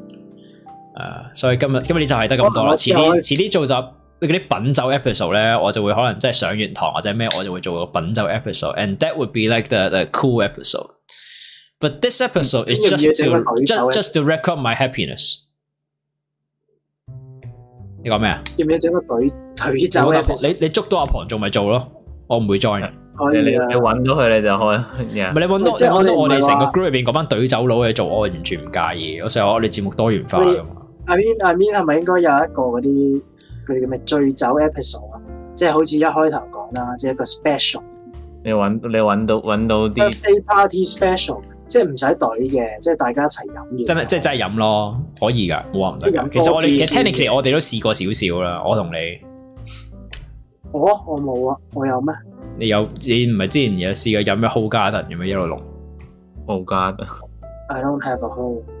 誒、uh,，所以今日今日你就係得咁多啦。遲啲遲啲做就嗰啲品酒 episode 咧，我就會可能即係上完堂或者咩，我就會做個品酒 episode。And that would be like the, the cool episode。But this episode is 要要 just, to, just to record my happiness 你要要。你講咩啊？要唔要整個隊隊酒？你你捉到阿婆做咪做咯，我唔會 join。你搵到佢你就開，唔係你搵到你到我哋成個 group 入邊嗰班隊酒佬去做，我完全唔介意。以我成日話我哋節目多元化 I mean，I mean，係咪應該有一個嗰啲，佢叫咩醉酒 episode 啊？即係好似一開頭講啦，即係一個 special 你。你揾你揾到揾到啲 birthday party special，即係唔使隊嘅，即係大家一齊飲嘢。真係，即係真係飲咯，可以噶，冇話唔使飲。其實我哋，嘅 technically 我哋都試過少少啦，我同你。我我冇啊，我有咩？你有你唔係之前有試過飲咩？Ho Garden 有冇一路龍？Ho Garden。I don't have a hole.